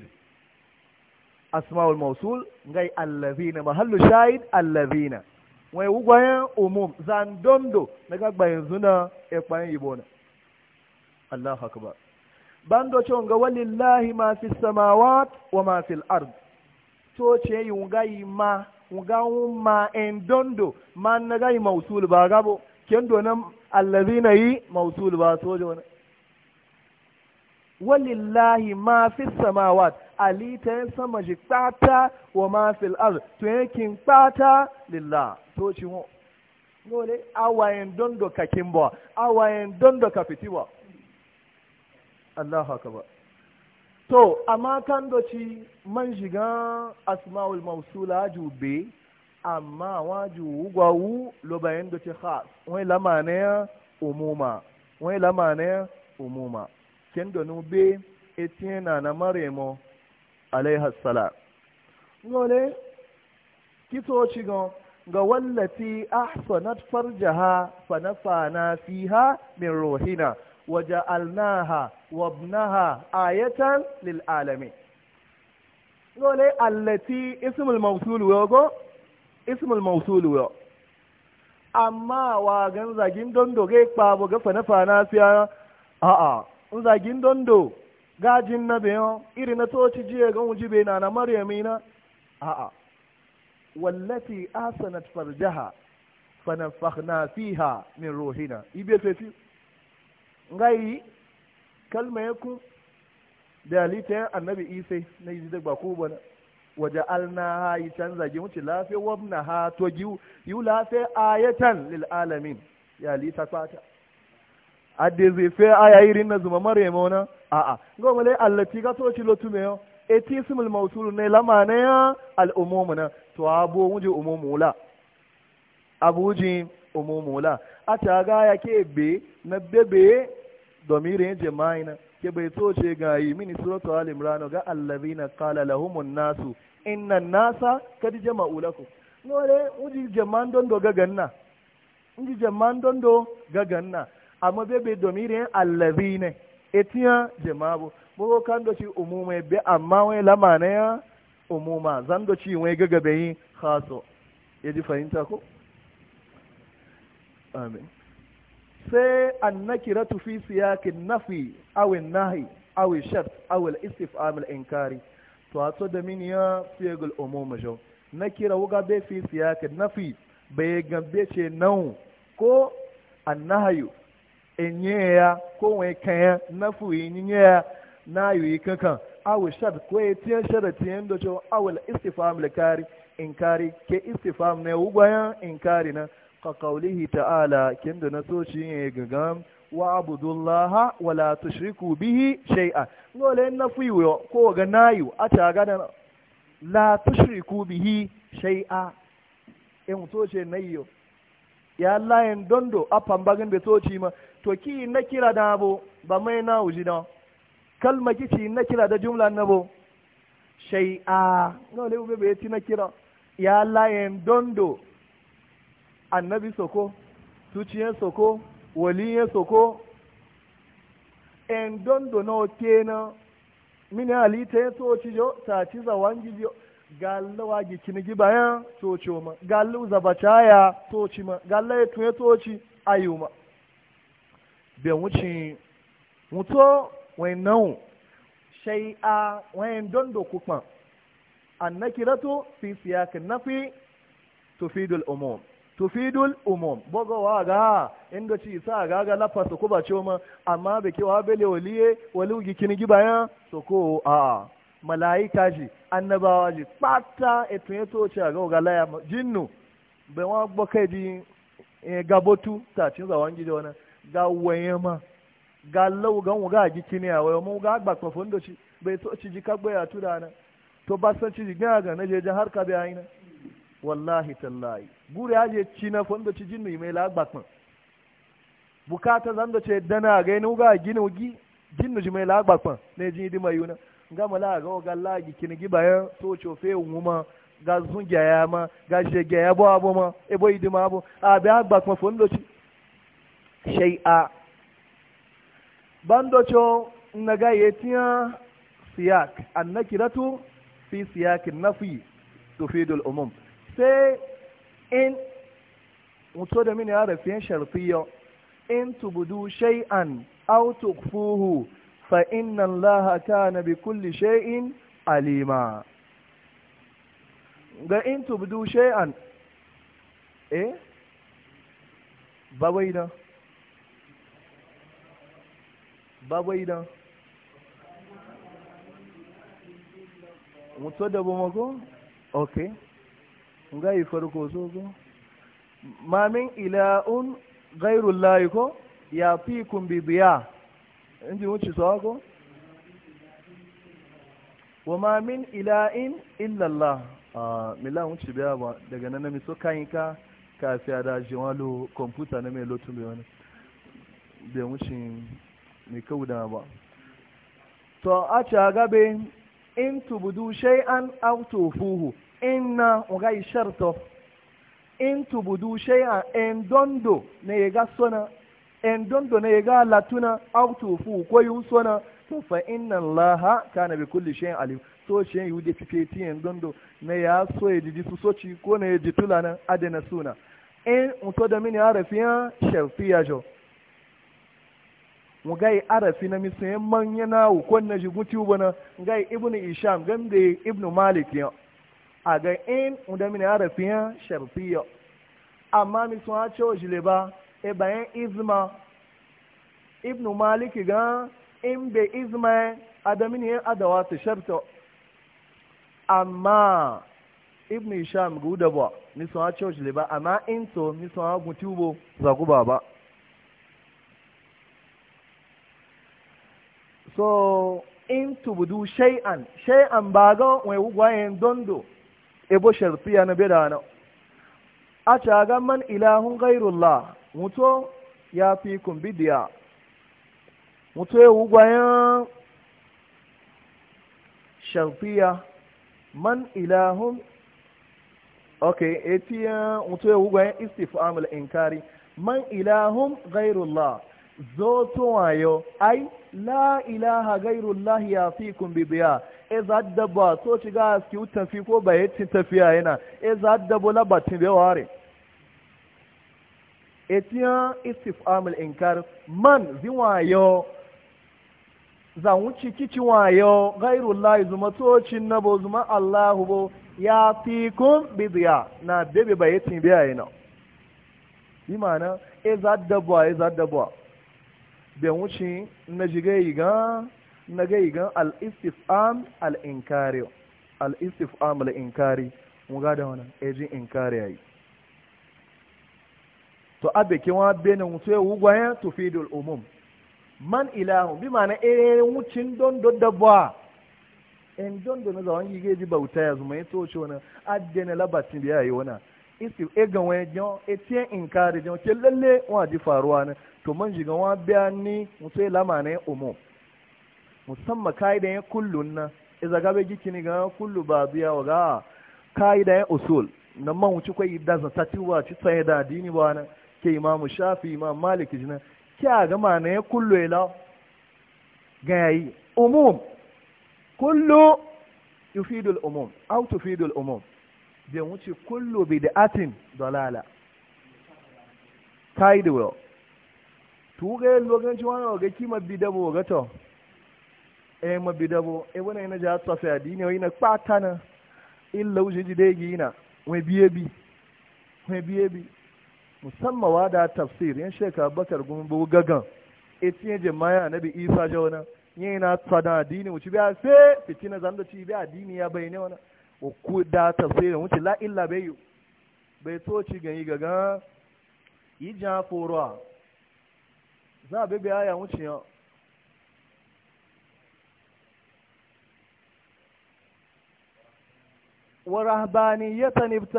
Speaker 1: asma'ul mawsul ngai allazina mahallu shahid allazina wai ugwayen umum zandondo na gagba yanzu na ekpayin ibona Allahu akbar bando ce nga walillahi ma fis samawat wa ma fil ard to che yungai ma unga ma endondo man na mawsul ba gabo kendo nan allazina yi mawsul ba sojo ne walillahi ma fi samawat alita ya sama ji kpata wa ma fi al'ar to yankin kpata lillah to mo awayen don kimbo awayen don fitiwa Allahu akbar to amma kan do ci man shiga asmaul mawsula jube amma waju gwawu lo bayan do ci khas wai lamane umuma wai lamane umuma kendo nube etiena na maremo alaiha salam ngole kito cigon ga wallati ahsanat farjaha fa fiha min ruhina wa ja'alnaha Wabnaha, ibnaha ayatan lil alamin ngole allati ismul mawsul go ismul mawsul amma wa gan zagin don doge kpabo ga fa nafana fiha a'a nzagin dondo gajin na bayan iri na toci jiya ga wuji bai na na maryami na a'a wallafi asanat farjaha fanafakhna fiha min ruhina ibe fefi ngai kalma yaku da annabi isa na yi da ba ko bana waje alna yi canza gi wuce lafiya wabna ha to yi lafiya ayatan lil alamin ya lita kwata ade zai fe aya irin na zuma mare mona a a goma lai allati ga to ci lotu me eti ismul mawsul ne lama ne ya al umum na to abo muje umumu la abuji umumu la a ta ga ya ke be na bebe domirin jama'i na ke bai to ce ga yi mini suratu al imran ga allazina qala lahumun nasu inna nasa kad jama'u lakum nore uji jama'an don do ga ganna uji jama'an don do ga ganna amma bai bai domirin allazi ne etiya jama'u buru kan doci umume bi amma wai lamana ya umuma zan doci wai gagabe yi khaso ya ji fahimta ko amin sai annakira tufi siyakin nafi awin nahi awin shart awin istifam al-inkari to a so da min ya siyagul umuma jau nakira wuga bai fi siyakin nafi bai gambe ce nau ko annahayu enye ya ko wai kanya na fuyi nye ya na yi kankan awu shad ko ya tiyan sharati yan da cewa la istifam in kari ke istifam ne in kari na ka kaulihi ta'ala ke ndo na so shi ne gagam wa wa la tushriku bihi shay'a dole na fuyo ko ga nayu a ta ga na la tushriku bihi shay'a in e so ce nayo ya layin dondo a mbagen be so ma to ki na kira da bo ba mai na wuji da kalma kici na kira da jumla na bo shay'a no le ube be ti na kira ya layen dondo annabi soko tuciyen soko waliyen soko en dondo no tena mini alita ya ci jo ta ci zawan gijo gallawa bayan to ci ma gallu to ci ma galla ya tuye soci ayuma bai wuce mutu wai nan shai a wayan don dokupan annakiratu fi siyakin nafi tufidul umum tufidul umum bogo wa ga inda ci sa ga ga lafa su kuba ce ma amma be kewa bele waliye wali ugi kini gibaya so ko a malaika ji annabawa ji pata etun eto ce ga ga laya jinnu be wa gbo kai ji gabotu ta cin zawan gidi wannan ga ma ga lau ga mu ga ji kini a wayo mu ga gba kofon do shi bai to ci ji kagbe ya tura na to ba san ci ji ga ga na je jan harka bai na? wallahi tallahi gure ya je ci na fon do ci jinnu mai la bukata zan do ce dana ga ni ga gini gi jinnu ji mai la gba kan ne ji di mai yuna nga mala ga ga la gi kini gi bayan to chofe wuma ga zungiya ga ya ma ga je ya bo abo ma e bo idima abo a bi agba kan ci shai'a bandocho na gayyatiya siyak annakiratu fi siyakin nafi tufidul umum sai in mutu da mini harafin sharfiyo in tubudu shay'an aw tukfuhu fa inna ta kana bi kulli shay'in alima ga in tubudu shay'an eh na. babu idan mutu da ba mako ok gai farko so so mamin ila'un gairun layi ko ya fi kumbi biya in ji wuce so ko wa mamin ila'in illallah a mila wuce biya ba daga nan nami so kayan ka kafiya da jiwalo kwamfuta na mai lotu bai wani bai wuce mai kyau da ba to a ci gabe in tubudu auto fuhu, in na ugai sharto in tubudu an, en dondo na ya ga sona en dondo na ya ga latuna auto fuhu ko yusona to fa inna ka na bi kulli shay'in alim to shin yude fifeti tiyan dondo Na ya so e ya ji su soci ko na ji tula nan adana suna in da mini arafiya shafiya jo ngai arafi na misayen manya na hukun na jiguti na ngai ibn isham da ibn malik ya a ga in unda mini arafi ya sharfi ya amma mi sun hace wa jileba e bayan izma ibn malik ga in be izma adamini ya adawa ta sharta amma ibn isham guda ba mi sun hace wa jileba amma in to mi sun haguti ubo zaguba ba so in tubudu shay'an shay'an ba ga wai gwayen dondo ebo sharfiya na bedana a caga man ilahun gairullah muto ya fi kumbidiya muto ya gwayen sharfiya man ilahun ok etiyan muto ya gwayen istifamul inkari man ilahun gairullah zoto wayo ai la ilaha gairullahi ya fi kun bibiya e za dabba so ci ga aski tafi ko ba bayyacin tafiya yana e za la batin bai ware istif istifamul inkar man zin wayo za wuce kici wayo gairullahi zuma tocin na bo zuma allahu bo ya fi kun bibiya na bebe bayyacin biya yana bi ma'ana e za dabba e za dabba bai wuce na jigayi gan, na ga al-istifam al-inkari al-istifam al-inkari mu ga da wannan ejin inkari yayi to abe ke wa bene wuce wugwaye tufidul umum man ilahu bi ma ma'ana eh wucin don don dabba in don don zawan yi geji bauta ya zuma yato e ce wani adena labatin biya yi wani isi egan wani jan etiyan inkari jan ke lalle wa ji faruwa ne to man shiga wa biya ni mutai lama ne umu musamman kaida ya kullun na iza gabe ni ga kullu ba biya wa ga kaida ya usul nan man wuce kai da zata tiwa ci sai da dini ba na ke imamu shafi imam maliki jina kya ga ma ne kullu ila ga yi umum kullu yufidul umum aw tufidul umum bai wuce kullu bid'atin dalala kaida wa tuga yin lokaci wani ga kima bidabo ga to eh ma bidabo eh wani na ja tsafi adini wai na kwata na illa wuce ji dai gina wai biye bi wai biye bi musamman wa da tafsir yan sheka bakar gumbu gagan etinye jemaya nabi isa jona na tsada adini wuce biya sai fitina zanda ci biya adini ya bayyane wani ku da tafsirin wuce la illa bai bai so ci gani gaga yi jan forowa za a bebe aya wucin yau wa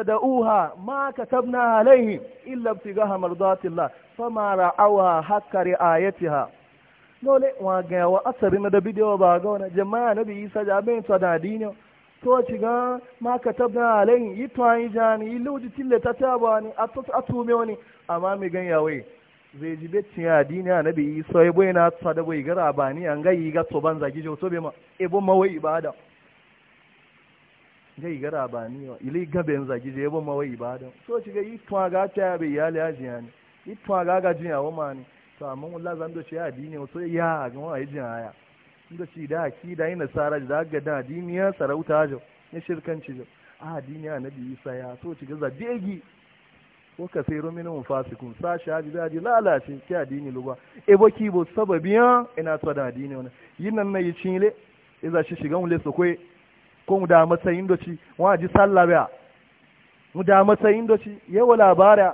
Speaker 1: da uha, ma tabna alayhim illa ibtigaha mardatillah fama ra'awha hakka ri'ayatiha dole wa ga wa asari na da bidiyo ba ga wani jama'a nabi isa da abin to da dino to ci ga ma tabna alayhim yi to ayi jani yi ji tilla ta tabani atu atu me wani amma mi ganya wai zai ji becin ya dini a nabi isa ya bai na tsa da bai gara ba ni an gai ga to ban zagi jo to be ma ebo mawai ibada gai gara ba ni wa ilai gabe en zagi je ebo mawai ibada so ci ga itwa ga ta ya bai yale aji ya ni itwa ga ga jiya wa ma ni to amma wallahi zan do ci ya dini to ya ga wa aji ya inda ci da ki da ina sara da ga da dini ya sarauta jo ne shirkanci jo a dini a nabi isa ya so ci ga zabegi Ko wa kasiru minhum fasiqun sa shaji zaji lalace ki addini lugwa e ki bo sababiya ina to da addini wannan yin na yi cinle iza e shi shiga mu le koi ko mu da matsayin doci wa ji sallah ba mu da matsayin doci yawa labara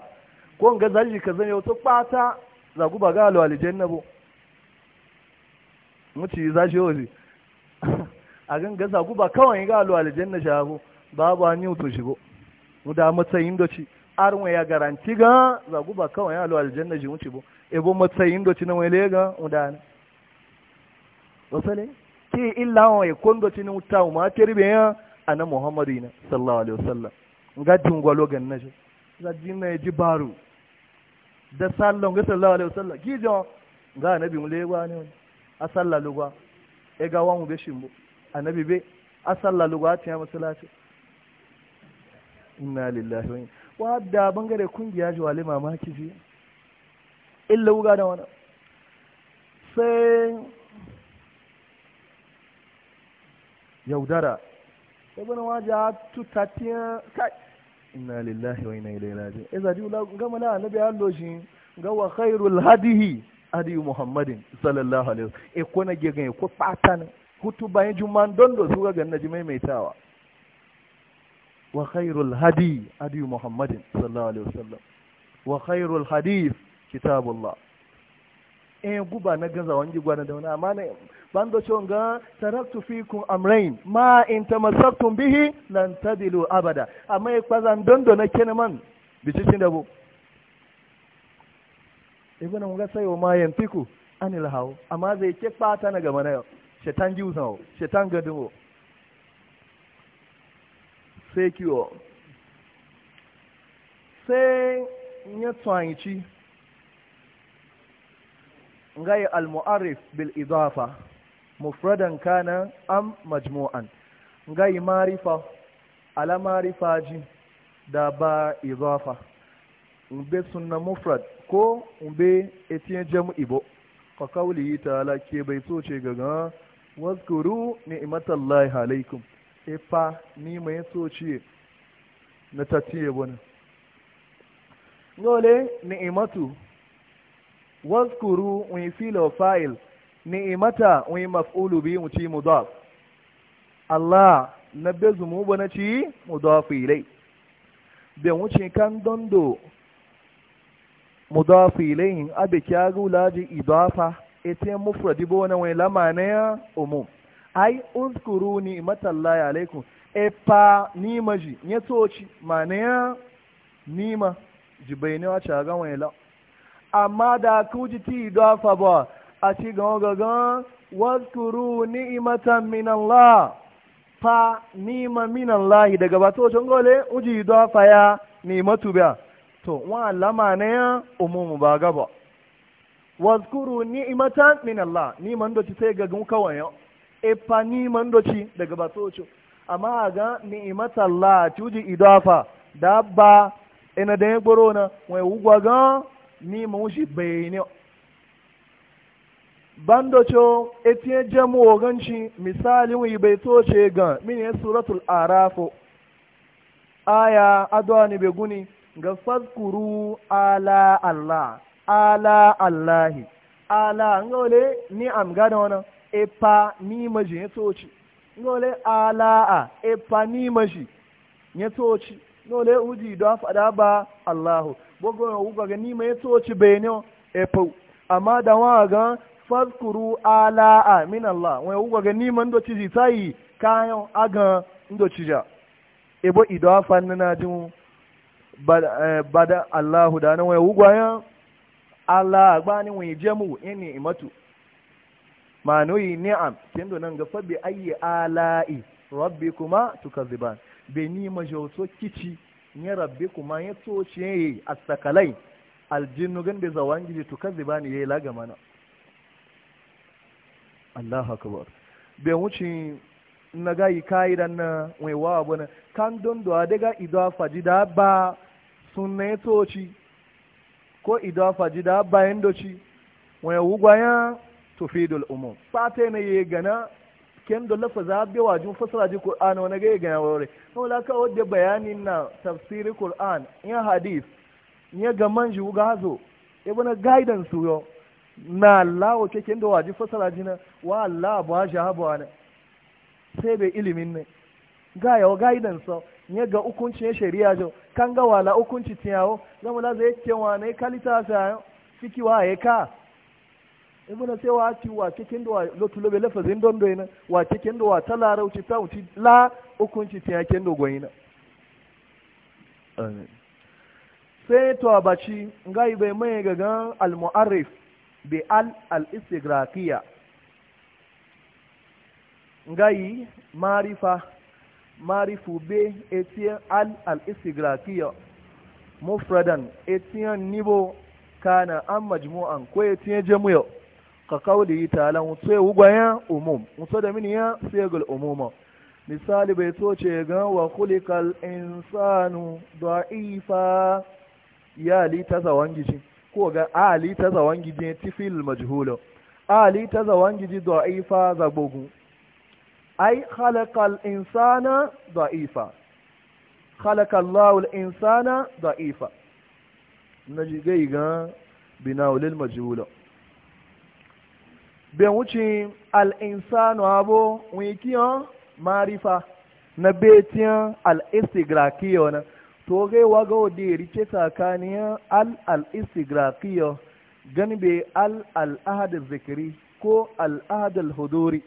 Speaker 1: ko ga zalli ka zame wato kwata ku ba galo aljanna bo mu ci za shi hoji (laughs) a za ku ba kawai galo aljanna shago babu an yi to shigo mu da matsayin doci arun ya garanti ga zagu ba kawai ya alwa aljanna ji wuce bo ebo matsayin doci na wele ga udana wasale ki illa wa ya kondo ci na wuta ma kirbe ya ana muhammadu ina sallallahu alaihi wasallam ga dingwalo gan na ji za jinna ji baro da sallon ga sallallahu alaihi wasallam ki jo ga annabi mu lewa ne a sallalo lugwa e ga wa mu be shimbo anabi be a lugwa a tiya masalaci inna lillahi wa inna wadda bangare kungiya ji wale mamaki ji illa wuga da wani sai yaudara ibn a tutatiya kai inna lillahi wa inna ilaihi raji'un iza ji gama na annabi allo shi ga wa khairul hadihi hadi muhammadin sallallahu alaihi wasallam e kona gegan e ko patan hutu bayan juma'an dondo su ga ganna ji maimaitawa وخير الهدي هدي محمد صلى الله عليه وسلم وخير guba na gaza wani gwana da amma ne ban da cewa ga taraktu fikum amrain ma in tamassaktum bihi lan tadilu abada amma ya kwazan dondo na keneman bicicin da bu ibn mun ga sayo ma yantiku anil hawo amma zai ke fata na gaba na yau shetan jiusawo shetan gadumo sai kiwo sai ya tsanci gai al-mu'arif bil idafa mufradan kana am majmu'an gai marifa ala marifa ji da ba idafa umbe sunna mufrad ko umbe etiyan jam'i bo ka kawli ala ke bai so ce gaga wazkuru ni'matallahi alaikum ifa ni mai soci na tatiye wani gole ni'imatu waskuru wi filo fa'il ni'imata wi maf'ulu bi mu ci mudaf Allah na bezumu bana ci mudaf ilai da wuce kan dondo mudaf ilaihin abe kyagu laji idafa ete mufradi bane wani lamana ya umum ai uzkuru ni matallahi alaikum e fa ni maji ya toci mana ya nima ji bai ne wace ga wani la amma da ku ji ti do fa ba a ci ga ga ga ni ni'matan min fa nima min Allah daga ba to gole uji do fa ya nima ba to wa lama ne ya umumu ba gaba wazkuru ni'matan min Allah ni man ci sai ga gun kawai efani mandoci daga ba soci amma ga ni'imata Allah tuji idafa dabba ina da ya gboro na wai wugwa ga ni ma wuce bayani bandocho etinye jamu oganci misali wi bai ce ga min ya suratul arafu aya adwa ni beguni ga fadkuru ala Allah ala Allahi ala ngole ni am gada epa ni maji ya toci ngole ala'a epa ni maji ya toci ngole uji don fada ba Allahu bogo ya uga ga ni mai toci bene epa amma da wa ga fazkuru ala'a min Allah wa uga ga ni man do ci sai kayan aga ndo ci ja ebo idafa na jin bada eh, Allahu da nan wa uga ya Allah agba ni wọn jẹ́mu ẹni ìmọ́tò manoyi ni'am kendo nan ga fabi ayi ala'i rabbi kuma tukaziban be ni ma jawto kici ni rabbi ya toce ce asakalai aljinnu da zawangi tukaziban yayi laga mana Allahu akbar be wuci na ga yi dan na wai wa bana kan don do daga idafa jida ba sunne toci ko idafa jida bayan doci wai wugwaya tufidul umum fata ne ya gana ken da lafaza be wajin fasara ji qur'ani wani ga ya gana wore no la ka wadda bayani na tafsiri qur'an ya hadith ya ga manji ga hazo ibn guidance yo na Allah wace ken da wajin fasara ji na wa Allah ba shi habu ne sai be ilimin ne ga yawa guidance ya ga hukuncin shari'a jo kan ga wala hukunci tiyawo zamu la zai kewa ne kalita sa fikiwa ya ka ibuna sai wa ci wa cikin da lotu lobe lafazin don doyina wa cikin da wa ta larauci ta wuci la hukunci ta yakin da goyina sai to abaci ngai bai mai gagan al-mu'arrif bi al al-istigraqiya ngai marifa marifu be etia al al-istigraqiya mufradan etia nibo kana an majmu'an ko etia jamu'a ka kawli ta'ala mutso ya wugwaya umum mutso da mini ya segul umuma misali bai so ce ga wa kulikal insanu da'ifa ya li ta zawangiji ko ga ali ta zawangiji tifil majhula ali ta zawangiji da'ifa zabogu ai khalaqal insana da'ifa khalaqallahu al-insana da'ifa naji gai ga binawlil majhula bai wuce al'insanu abu wikiyan marifa na betiyan al'istigrakiyo na to gai waga wadda rike tsakanin al'al'istigrakiyo gani bai al'al'ahadar zikiri ko al'adar huduri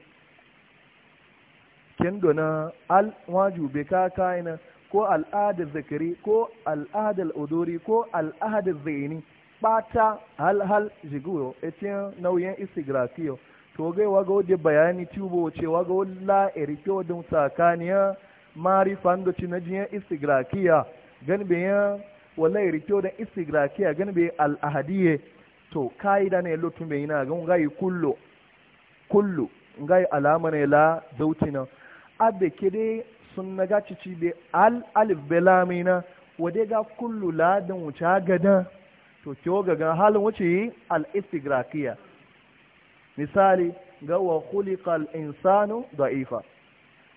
Speaker 1: kendo na al'wajube ka kaina ko al'adar zikiri ko al'adar odori ko al'adar zaini ɓata hal-hal jigoyo etin nauyin istigrafiyo to gai waga wadda bayani tubo ce waga wadda erike wadda tsakaniya na da cinajiyar istigrafiya ganibiyar wala erike wadda istigrafiya ganibiyar al'ahadiye to ka'ida ne lotun bai yana gan gai kullo kullo gai alama ne la zautina abe kede sun naga cici be al alif belamina wadda ga kullu ladan wuce gadan to kiwo gan halin wuce yi al’istigrakiya misali ga wa khuliqa al’insanu da'ifa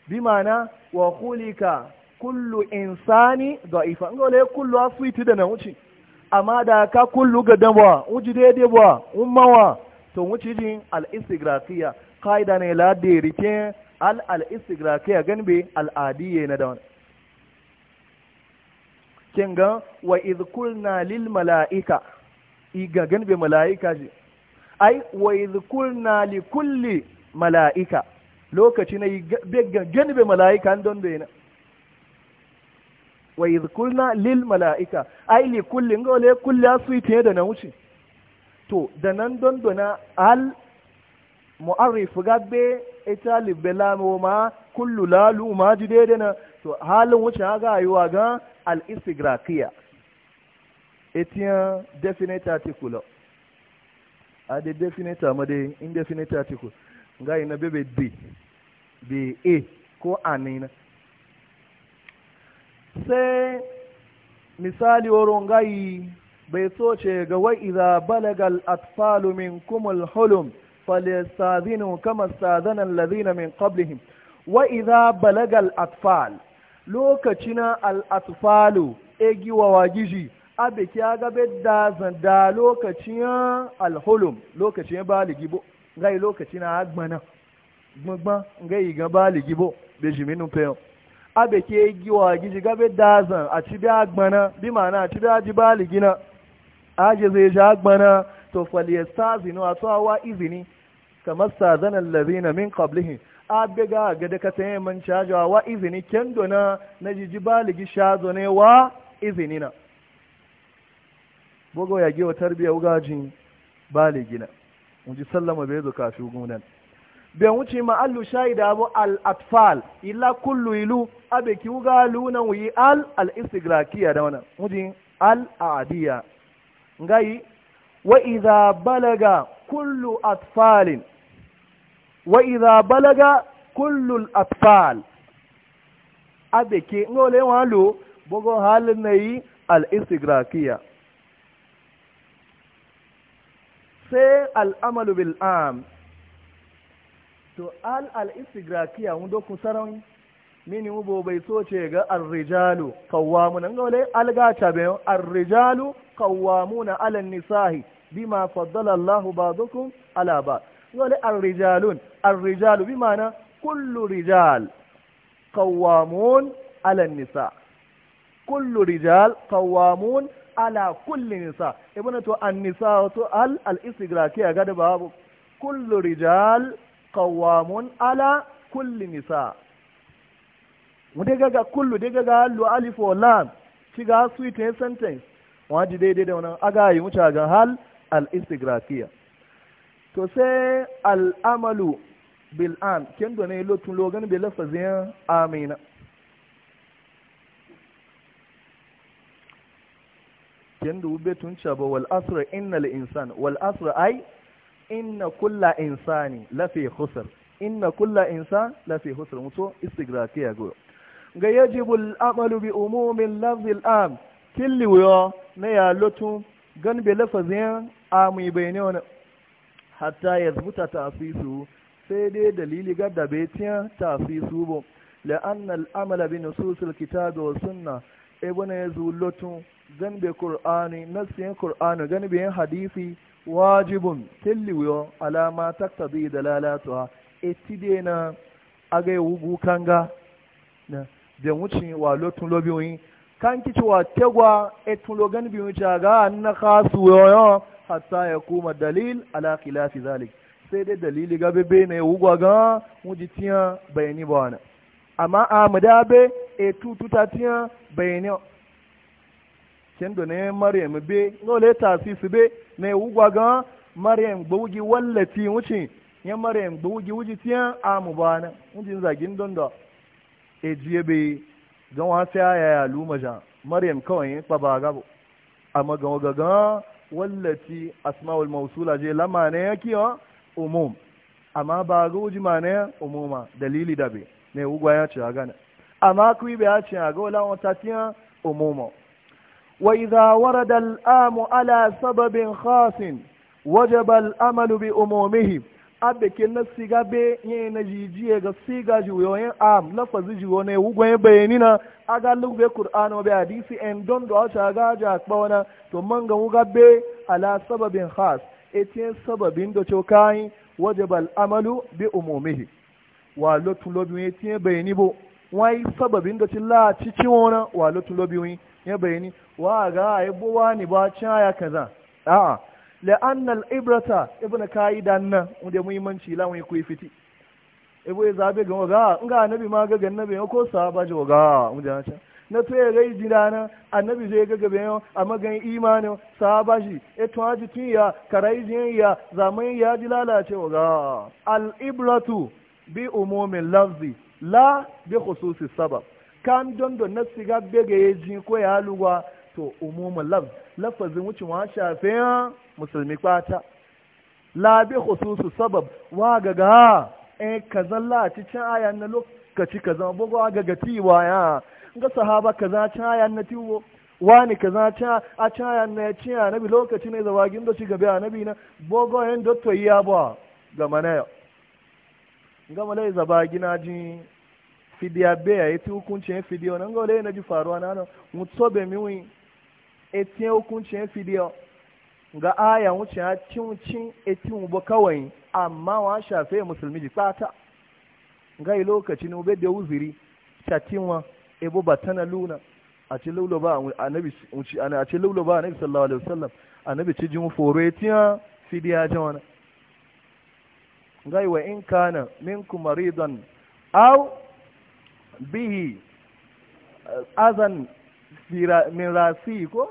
Speaker 1: bi ma'ana wa khuliqa kullu insani da'ifa ngo le kullu aswiti da na wuce amma da ka kullu ga damuwa wuce daidai ba umawa to wuce jin al-istigrakiya kaida ne la da al al-istigrakiya ganbe al-adiyye na da wani kin ga wa kulna lil mala'ika iga ganbe mala'ika ji ai wa kulna li kulli mala'ika lokaci na be be mala'ika don be na wa kulna lil mala'ika ai li kulli le kulli asuite da na wuce to da nan don na al mu'arrif gabe ita libelamo ma kullu lalu ma jidede na to halin wucin haka rayuwa ga al-istigraqiya etiyan definite article a de definite amma de indefinite article ga na bebe b b a ko anina sai misali wurin gayi bai so ce ga wa'iza balagal atfalu min kumul hulum falistazinu kama sazanan lazina min qablihim wa'iza balagal atfalu lokaci na al'atufalo wa wagiji ab'iki kya gabe da zanda lokacin alholum lokacin baligi bo ngai lokaci na agbana gbogbo ngai gan baligi bo beji minu peyon abe ke egiwa giji gabe da zan a ci agbana bi ma'ana a ci aji baligi na aji zai ji agbana to faliyar stars zinu a tsawa izini kamar sazanar lazina min qablihim abega ga da kasa man cajawa wa izini kendo na na jiji baligi shazo ne wa izini na bogo ya giwa tarbiya wugajin baligi na unji sallama bai zo kafi gunan bai wuce ma'allu shaida abu al-atfal illa kullu ilu abe ki wuga luna wuyi al al-istigrakiya da wana wujin al-adiya ngai wa idha balaga kullu atfalin wa idha balaga kullul atfal abeke ngole walo bogo halin nayi al istigrakiya sai al'amalu bil am to al al istigrakiya mun mini ubo bai so ce ga ar-rijalu qawwamuna ngole alga tabe ar-rijalu qawwamuna ala nisahi bima faddala Allahu ba'dukum ala ba ngole ar-rijalun الرجال بمعنى كل رجال قوامون على النساء كل رجال قوامون على كل نساء ابن تو النساء تو ال الاستغراقية قد باب كل رجال قوامون على كل نساء ودقاقا كل دقاقا لو ألف ولام شقا سويت سنتنس واجي دي دي دي ونان أقاي مشاقا هل الاستغراقية تو سي الأمل bil'an ken do ne lotun logan lafa lafazin amina ken do be tun chaba wal inna innal insan wal asra ay inna kulla insani lafi khusr inna kulla insan lafi husar mutu muto istigrakiya go ga yajibu al amalu bi umumi lafzi al am killi wo ne ya lotun gan be lafazin amai bayne wona hatta yazbuta ta'sisu sai dai dalili da bai tiya tafi su bo la'annal amala bi nususil kitabi wa sunna ibn yazulatu gan be qur'ani nasiyan qur'ani gan be hadisi wajibun tilliyo alama taqtadi dalalatuha etidena agay wugu kanga na de wuci wa lotun lobi oyin kan kici wa tegwa etun lo gan bi wuci aga an na khasu yo hatta yakuma dalil ala khilafi zalik sai dai dalili ga bebe ne wugwa ga wuji tiya bayani ba wani amma a mudabe e tututa tiya bayani kendo ne maryam be ngole su be ne wugwa ga maryam gbogi wallafi wuce ya maryam gbogi wuji tiya amu ba wani wujin zagin dondo e jiye be ga wasu yaya ya jan. maryam kawai ba ba gabo amma ga gaga wallafi asma'ul mausula je lama ne yake umum amma ba ga uji ma ne umuma dalili dabe ne ugwa ya ci gana amma ku be ya ci ga wala wata tiya umuma wa idha warada al'amu ala sababin khasin wajaba al'amalu bi umumihi abe ke na siga be ye na jijiye ga siga juyo yin am lafazi juyo ne ugwa ya bayani na aga lugbe qur'ano be hadisi en don do ta ga ja kpona to manga uga be ala sababin khas etin sababin da cokayi wajaba amalu bi umumihi wa lotun lobi etin bayani bo wai sababin da cilla ci ciwona wa lotun lobi ya bayani wa ga ai bowa ni ba caya kaza a'a la'anna al-ibrata ibnu kaidan nan wanda muhimmanci la wani kuyi fiti ibo ya zabe ga ga ga annabi ma ga gannabe ko sa ba sahaba ga wanda ya na to ya gai na annabi zai ga gabe yau a magayin imanin sahaba shi e to haji tun ya karai jin ya zaman ya ji lalacewa ga al'ibratu bi umumin lafzi la bi khususi sabab kan don don na siga bege ya ji ko ya luwa to umumin lafz lafazin wucin wa shafe musulmi kwata la bi khususi sabab wa ga e eh, kazalla a can ayan na lokaci kazan bugu ga gatiwa ya ga sahaba kaza caya na tiwo wani kaza ca a caya na ci nabi lokaci ne zawagin da shi gabe nabi na bogo hen dotto ya ba ga mana ga malai zabagi gina ji fidiya be ya ti hukuncin fidiya na ngole na ji faruwa na nan mutso be miwi etin hukuncin fidiya ga aya wuce ya cin cin etin bo kawai amma wa shafe musulmi ji tsata ga lokaci ne ube da uziri chatinwa ebo ba tana luna a ce laulo ba annabi unci ana a ce laulo ba annabi sallallahu alaihi wasallam annabi ci jin foro etiya fidiya jawana gai wa in kana minkum maridan aw bihi eh, azan min rasi ko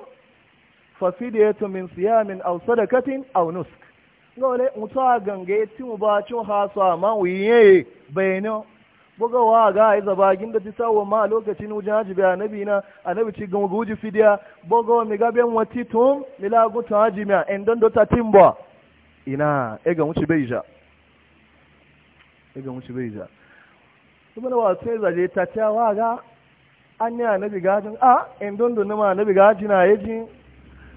Speaker 1: fa fidiyatu min siyamin aw sadakatin aw nusk ngole mutaga ngeti mu ba cin hasa ma wiye bayno boga wa ga ai zabagin da tisa wa ma lokacin wujin haji bi annabi na annabi ci gamu buji fidiya boga mi ga ben wati tum mila gutu haji mi en don dota timbo ina e ga muci beija e ga muci beija kuma na wa sai zaje ta ta wa ga an ya annabi gajin a en don don ma annabi gajina yaji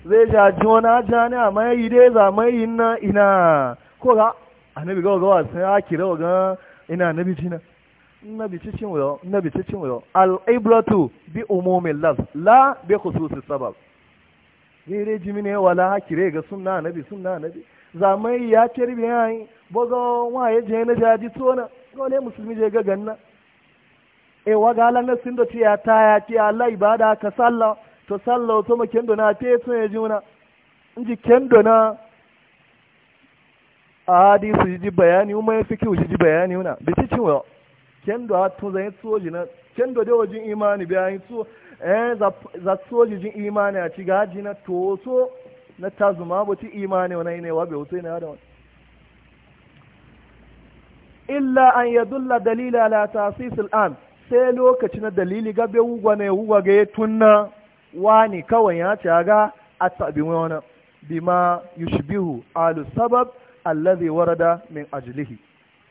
Speaker 1: zai ja jona jani a mai yi dai za mai na ina ko ga annabi ga ga wa sai akira ga ina annabi jina nabi cikin wuyo nabi cikin wuyo al-ibratu bi umumin laf la bi khususi sabab gere ne wala hakire ga sunna nabi sunna nabi zamai ya kirbi yayi wa waye je na jaji tona gole musulmi je ga ganna e wagala na sindo ti ya ta ya ti Allah ibada ka sallah to sallah to ma kendo na te to ya juna inji kendo na ahadi su ji bayani umma ya fiki ji bayani una bi cikin wuyo kendo a tun zai soji na kendo da wajen imani yin so eh za soji jin imani a ci gaji na to so na tazuma ba ci imani wani ne wa bai wuce ne da wani illa an yadulla dalila ala tasis al'an sai lokaci na dalili bai wugwa ne wugwa ga tunna wani kawai ya ci ga a tabi wani bima yushbihu alu sabab allazi warada min ajlihi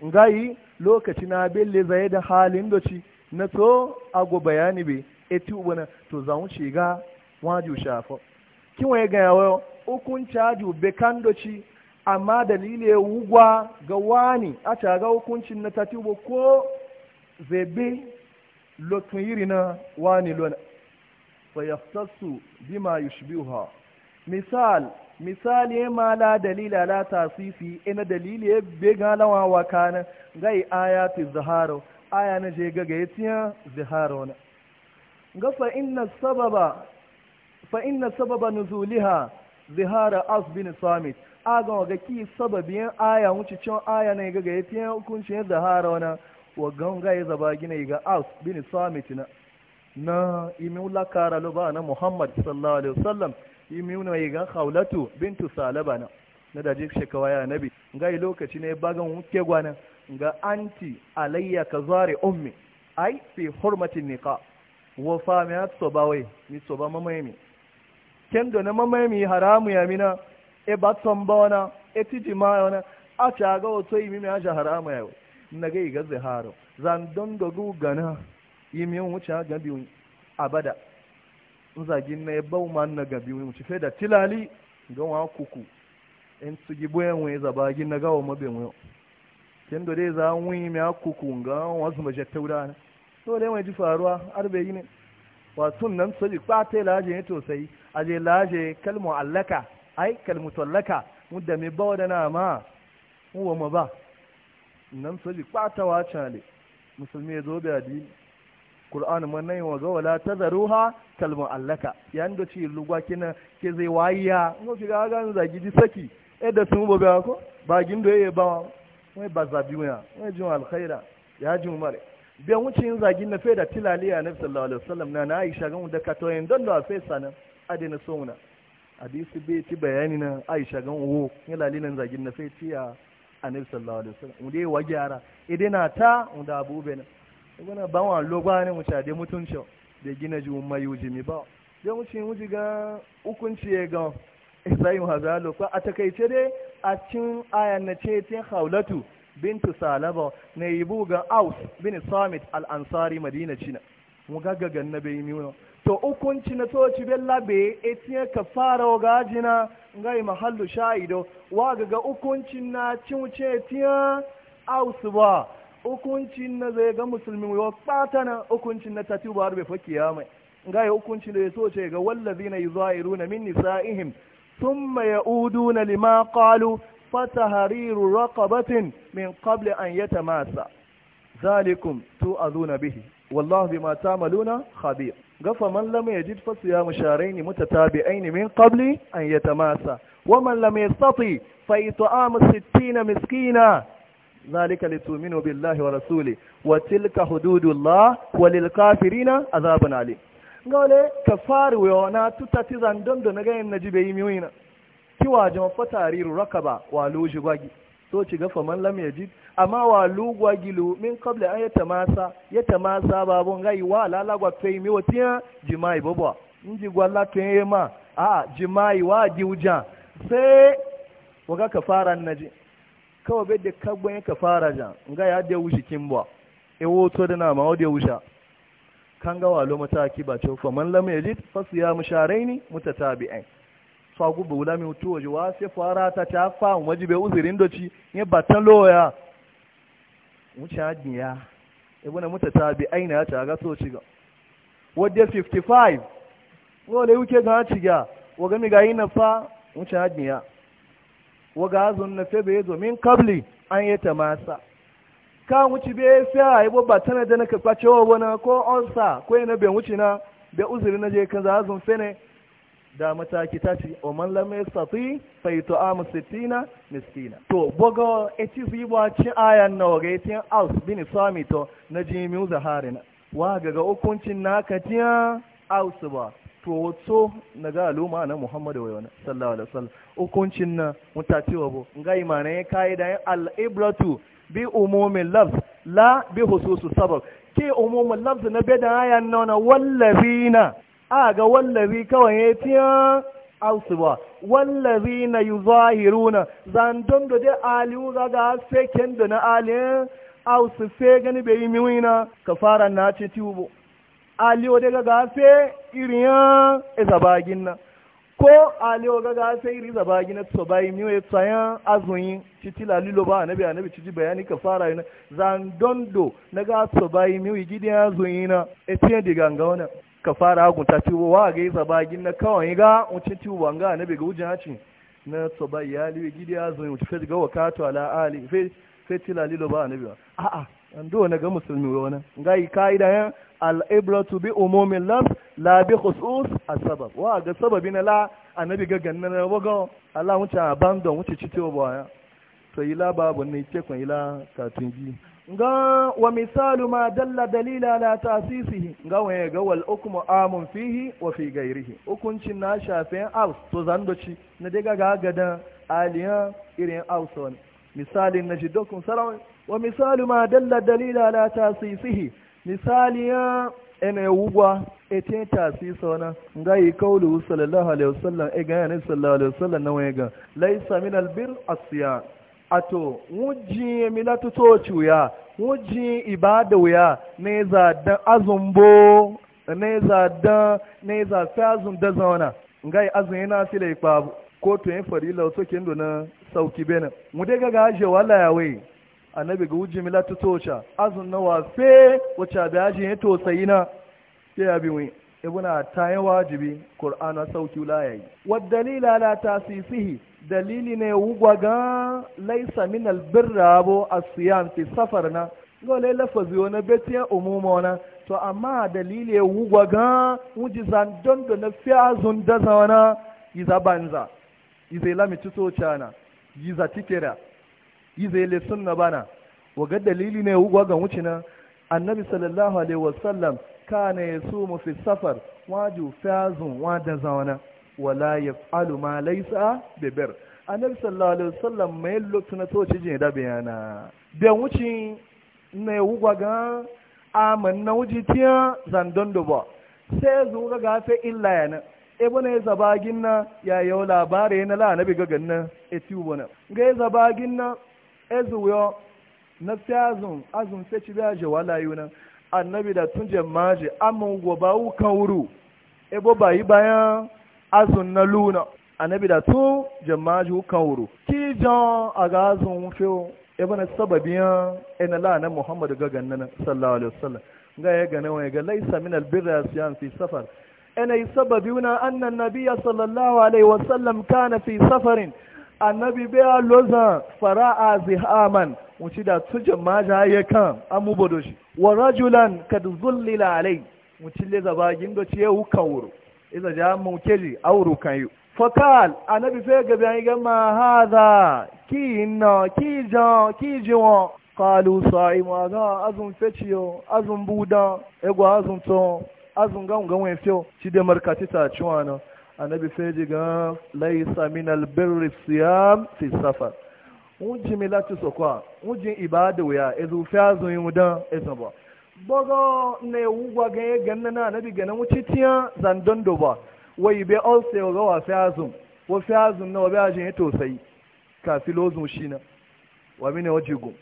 Speaker 1: ngayi lokaci na belle zai da halin doci na to ago bayani be eti ubana to za mu shiga waju shafa kin waye ga yawo ukun chaju be kan doci amma dalile ugwa ga wani a ga hukuncin na tatibo ko zebe lotun yiri na wani lona fa yaftasu bima yushbiha misal misali ma la dalila la tasifi ina dalili ya bega lawa wa kana gai ayati zaharo aya na je gaga yatiya zaharo na ga fa inna sababa fa inna sababa nuzuliha as bin samit aga ga ki sababi aya wuce cin aya ne gaga yatiya hukuncin zaharo na wa ganga ya zaba gina ga as bin samit na na imi ulakara lo ba na muhammad sallallahu alaihi wasallam yi muna yi gan haulatu bintu salaba na na da jik shekawa ya nabi ga yi lokaci ne bagan wuke gwana ga anti alayya ka zare ummi ai fi hurmatin nika wa fa mi hat so bawai mi so ba mamaymi kendo na mamaye mi haramu ya mina e ba ton wana e tiji ma wana a ta ga wato yi mi aja haramu ya na ga yi ga ziharo zan don dogu gana yi mi wuce ga biyu abada nzagin na ya bau ma na gabi mu ci da tilali ga wa kuku en su gi boyen we za ba gin na gawo mabe mu ken do dai za wi mi akuku ga wasu ma jetta wura to dai mai ji faruwa bai yi ne wa sun nan su ji kwate laje ne to sai aje laje kalmu allaka ai kalmu tallaka mudda mi bawa da na ma mu ba nan su ji kwata wa chale musulmi ya zo bi adini Kur'an mun nay wa gawala tazaruha kalmu allaka yan do ci lugwa kina ke zai waya ngo fi ga ga zagi di saki e da sun bo ba ko ba gin do ye ba wai ba zabi wa mai jin alkhaira ya ji umar bi wucin zagi na fe da tilaliya nabi sallallahu alaihi wasallam na na aisha gan da katoyin don da fe sana na sona hadisi bai ci bayani na aisha ga wo ya lalinan zagin na fe tiya annabi sallallahu alaihi wasallam mu dai wa gyara idina e ta mu da abu ibana ban wa lo ne mu da de mutunci da gina ji mun mayu jimi ba dan mu ci ji ga hukunci ya ga Ibrahim Hazalo ko a takaice dai a cin ayan na ce tin Haulatu bintu Salaba ne yibu ga Aus bin Samit al-Ansari Madina China mu gaga ga nabi mi to hukunci na toci bella be etinye e ka fara ga jina ngai mahallu shaido wa ga hukuncin na cin ce tiya Aus ba hukuncin na zai ga musulmi wa fatana hukuncin na tati ba harbe fa kiyama ga ya hukuncin da ya so ce ga wallazina yuzairuna min nisaihim thumma yauduna lima qalu fatahriru raqabatin min qabli an yatamasa zalikum tu'aduna bihi wallahu والله بما تعملون خبير غف من لم يجد فصيام شهرين متتابعين من قبل أن يتماسى ومن لم يستطع فإطعام 60 مسكينا zalika litu'minu billahi wa rasuli wa tilka hududullah wa lil kafirina azabun alim ngole kafari wa na tutati zandon do naga yin najibe yi miwina kiwa jama rakaba wa luji so ci gafa man lam yajid amma wa lugwa min qabla an yatamasa yatamasa babun gai wa lala gwa fe mi wotia jima'i bobo nji gwala tun a jima'i wa diuja sai waga kafaran naji kawai bai da kagban ka fara jan ga ya da wuce kin ba e woto da na ma wode wuce kan ga walo mataki ba ce fa man lam yajid fasiya musharaini mutatabi'ai fa bu ulami wuto waje wa sai fara ta ta fa wajibe uzirin doci ne batan loya wuce adiya e bona na ya ta ga so shiga wode 55 wole wuke ga ci ga waga mi ga yin fa wuce adiya waga azun na febe ya zo min kabli an yi ta masa ka wuce be fiya yi babba tana da na kakwa cewa wani ko onsa ko yana bai wuce na bai uzuri na je kan za azun fene da mataki ta ce o man lamai sati fai to a sittina miskina to boga eti su yi ci ayan na waga etin aus ni sami to na jimi harina wa gaga hukuncin na katiya aus ba tso na ga aluma na muhammadu wa yana sallawa da wasallam hukuncin na mutatiwa bu ga imana ya kayi da al-ibratu bi umumin lafz la bi hususu sabab ke umumin lafz na beda ayan wallafi na. a ga wallafi kawai ya tiya na yi zahiru zan don da dai aliyu ga feken da na aliyu ausu fe gani bai yi miwina fara na ce tiwo aliyo daga gafe iriyan izabagin nan ko aliyo ga gafe iri zabagin na mi miwe tsayan azuyin titi lalilo ba anabi anabi titi bayani ka fara yana zandondo na ga tsobayi miwe gidan azuyin na etiyan diga ganga wani ka fara ta, tiwo wa ga izabagin na kawai ga uncin tiwo banga anabi ga wujin hacin na tsobayi ya liwe gidan azuyin wuce fes ga wakato ala ali fes tila lilo ba anabi ba a'a an na ga musulmi wani ga yi ka'ida yan to bi umomin laf la bi khusus sabab. wa ga sababi na la annabi ga ganna na wago Allah wuce abandon wuce citewa baya to yi la babu ne ce kun katun katungi ga wa misalu ma dalla dalila ala tasisihi ga wa ga wal hukmu amun fihi wa fi ghairihi hukuncin na shafin aus to zandoci na daga ga gadan aliyan irin aus misali na jidokun sarawi wa misalu ma dalla dalila ala tasisihi misali ya ene wugwa ete ta si sona ngai kaulu sallallahu alaihi wasallam e ga ne sallallahu alaihi wasallam na ga laisa min albir asiya ato wuji milatu to chuya wuji ibada wuya ne za dan azumbo ne za dan ne za fazun da nga ngai azun yana sile ko to en farila to kendo na sauki bena mu daga ga je wala ya annabi ga wujin mila ta tosha azun na wafe wacce da yaji ya tosayi na sai ya biwi ibuna ta yi wajibi kur'ana sauki la yayi wad dalila la tasisihi dalili ne wugwa ga laisa min albirra abu a siyan fi safar na gole lafazi wani betiya umuma wana to amma dalili wugwa ga wuji don da na azun da zawana iza yi zai lamici tutocha na za tikera yi zai le sunna bana waga dalili ne wuwa ga wuce na annabi sallallahu alaihi wasallam kana yasumu fi safar waju fazun wa da zawana wala yaf'alu ma laysa bi bir annabi sallallahu alaihi wasallam mai lokacin to ci je da bayana da wuce ne wuwa ga aman na wuji tiya zandon da sai zo ga fe illa yana ibn ya e zabagin na ya yau labarai na la annabi ga ganna etiyu bona ga zabagin na ezuwa na fiyazun azun sai ci biya je wala yuna annabi da tun je maje amma goba u kan wuru ebo bayi bayan azun na luna annabi da tun je maje u kan wuru ki jan aga azun fiyo ebo na sababiyan ina e la na muhammad gagan nan sallallahu alaihi wasallam ga ya gane wani ga laisa min albirra siyan fi safar ana e yi sababi wuna annan nabiya sallallahu alaihi wasallam kana fi safarin annabi bai fara a zihaman wuce da tujin maja ya kan amubo da shi wa rajulan kad zullila alai wuce le zaba gindo ce ya wuka wuro iza ja ji a wuro kan yi fakal annabi fe ga bayan ga ma hada ki no ki jo ki kalu sa'i ma ga azun feciyo azun buda ego azun to azun gangan ngan fiyo ci da markati ta ciwana annabi sai ji ga laisa min albirri siyam fi safar wujin milatu sokwa wujin ibada ya ezu fiazo yin wudan ezan ba bogo ne wugwa ga ya ganna na annabi ga nan wuci tiya zandon do ba wai be all sai ga wa fiazo wa fiazo na wa be ajin to sai ka filozun shina wa mine wajigo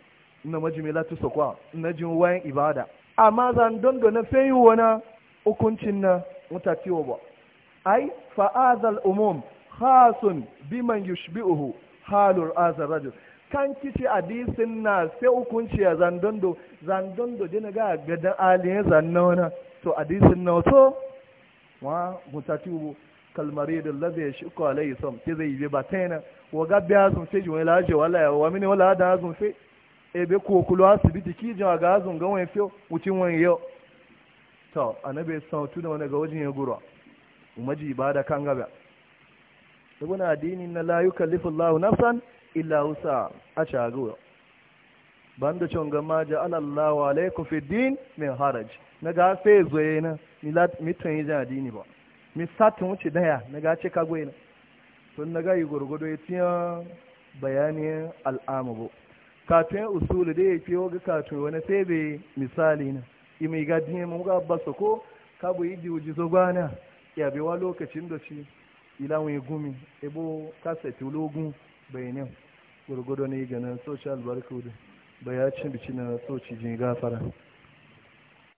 Speaker 1: na majimilatu sokwa na jin wayan ibada amma zandon do na hukuncin na ba Ayi. fa'azal umum khasun biman yushbi'uhu halur azar rajul kan kici hadisin na sai hukunci ya zandondo zandondo dina ga gadan aliyin zannona to hadisin na so wa mutatibu kalmari da labe shi ko alayhi sam ke zai yi batena wa gabbi azun sai jin wala ya wala wa mini wala da azun sai e be ko kulu asibiti ki jin ga azun ga wani fiyo wucin wani yau to anabe sautu da wani ga wajen ya gura umaji ibada kan gaba sabuna addini na la yukallifu Allahu nafsan illa wusa a shago banda cin ma ja alallahu alaykum fi din min haraj na ga sai zoye na mitun yi addini ba mi satin wuce daya na ga ce goye na tun na ga yi gurgudo ya tiya bayanin al'amu bo usulu da ya fi waga wani sai bai misali na imi ga mu ga basu ko kabu yi jiwuji zogana yabewa lokacin da shi ilawun gumi ebo kasati logun bayanin gurgudu ne ganin social barcode bayacin bici na soci jin gafara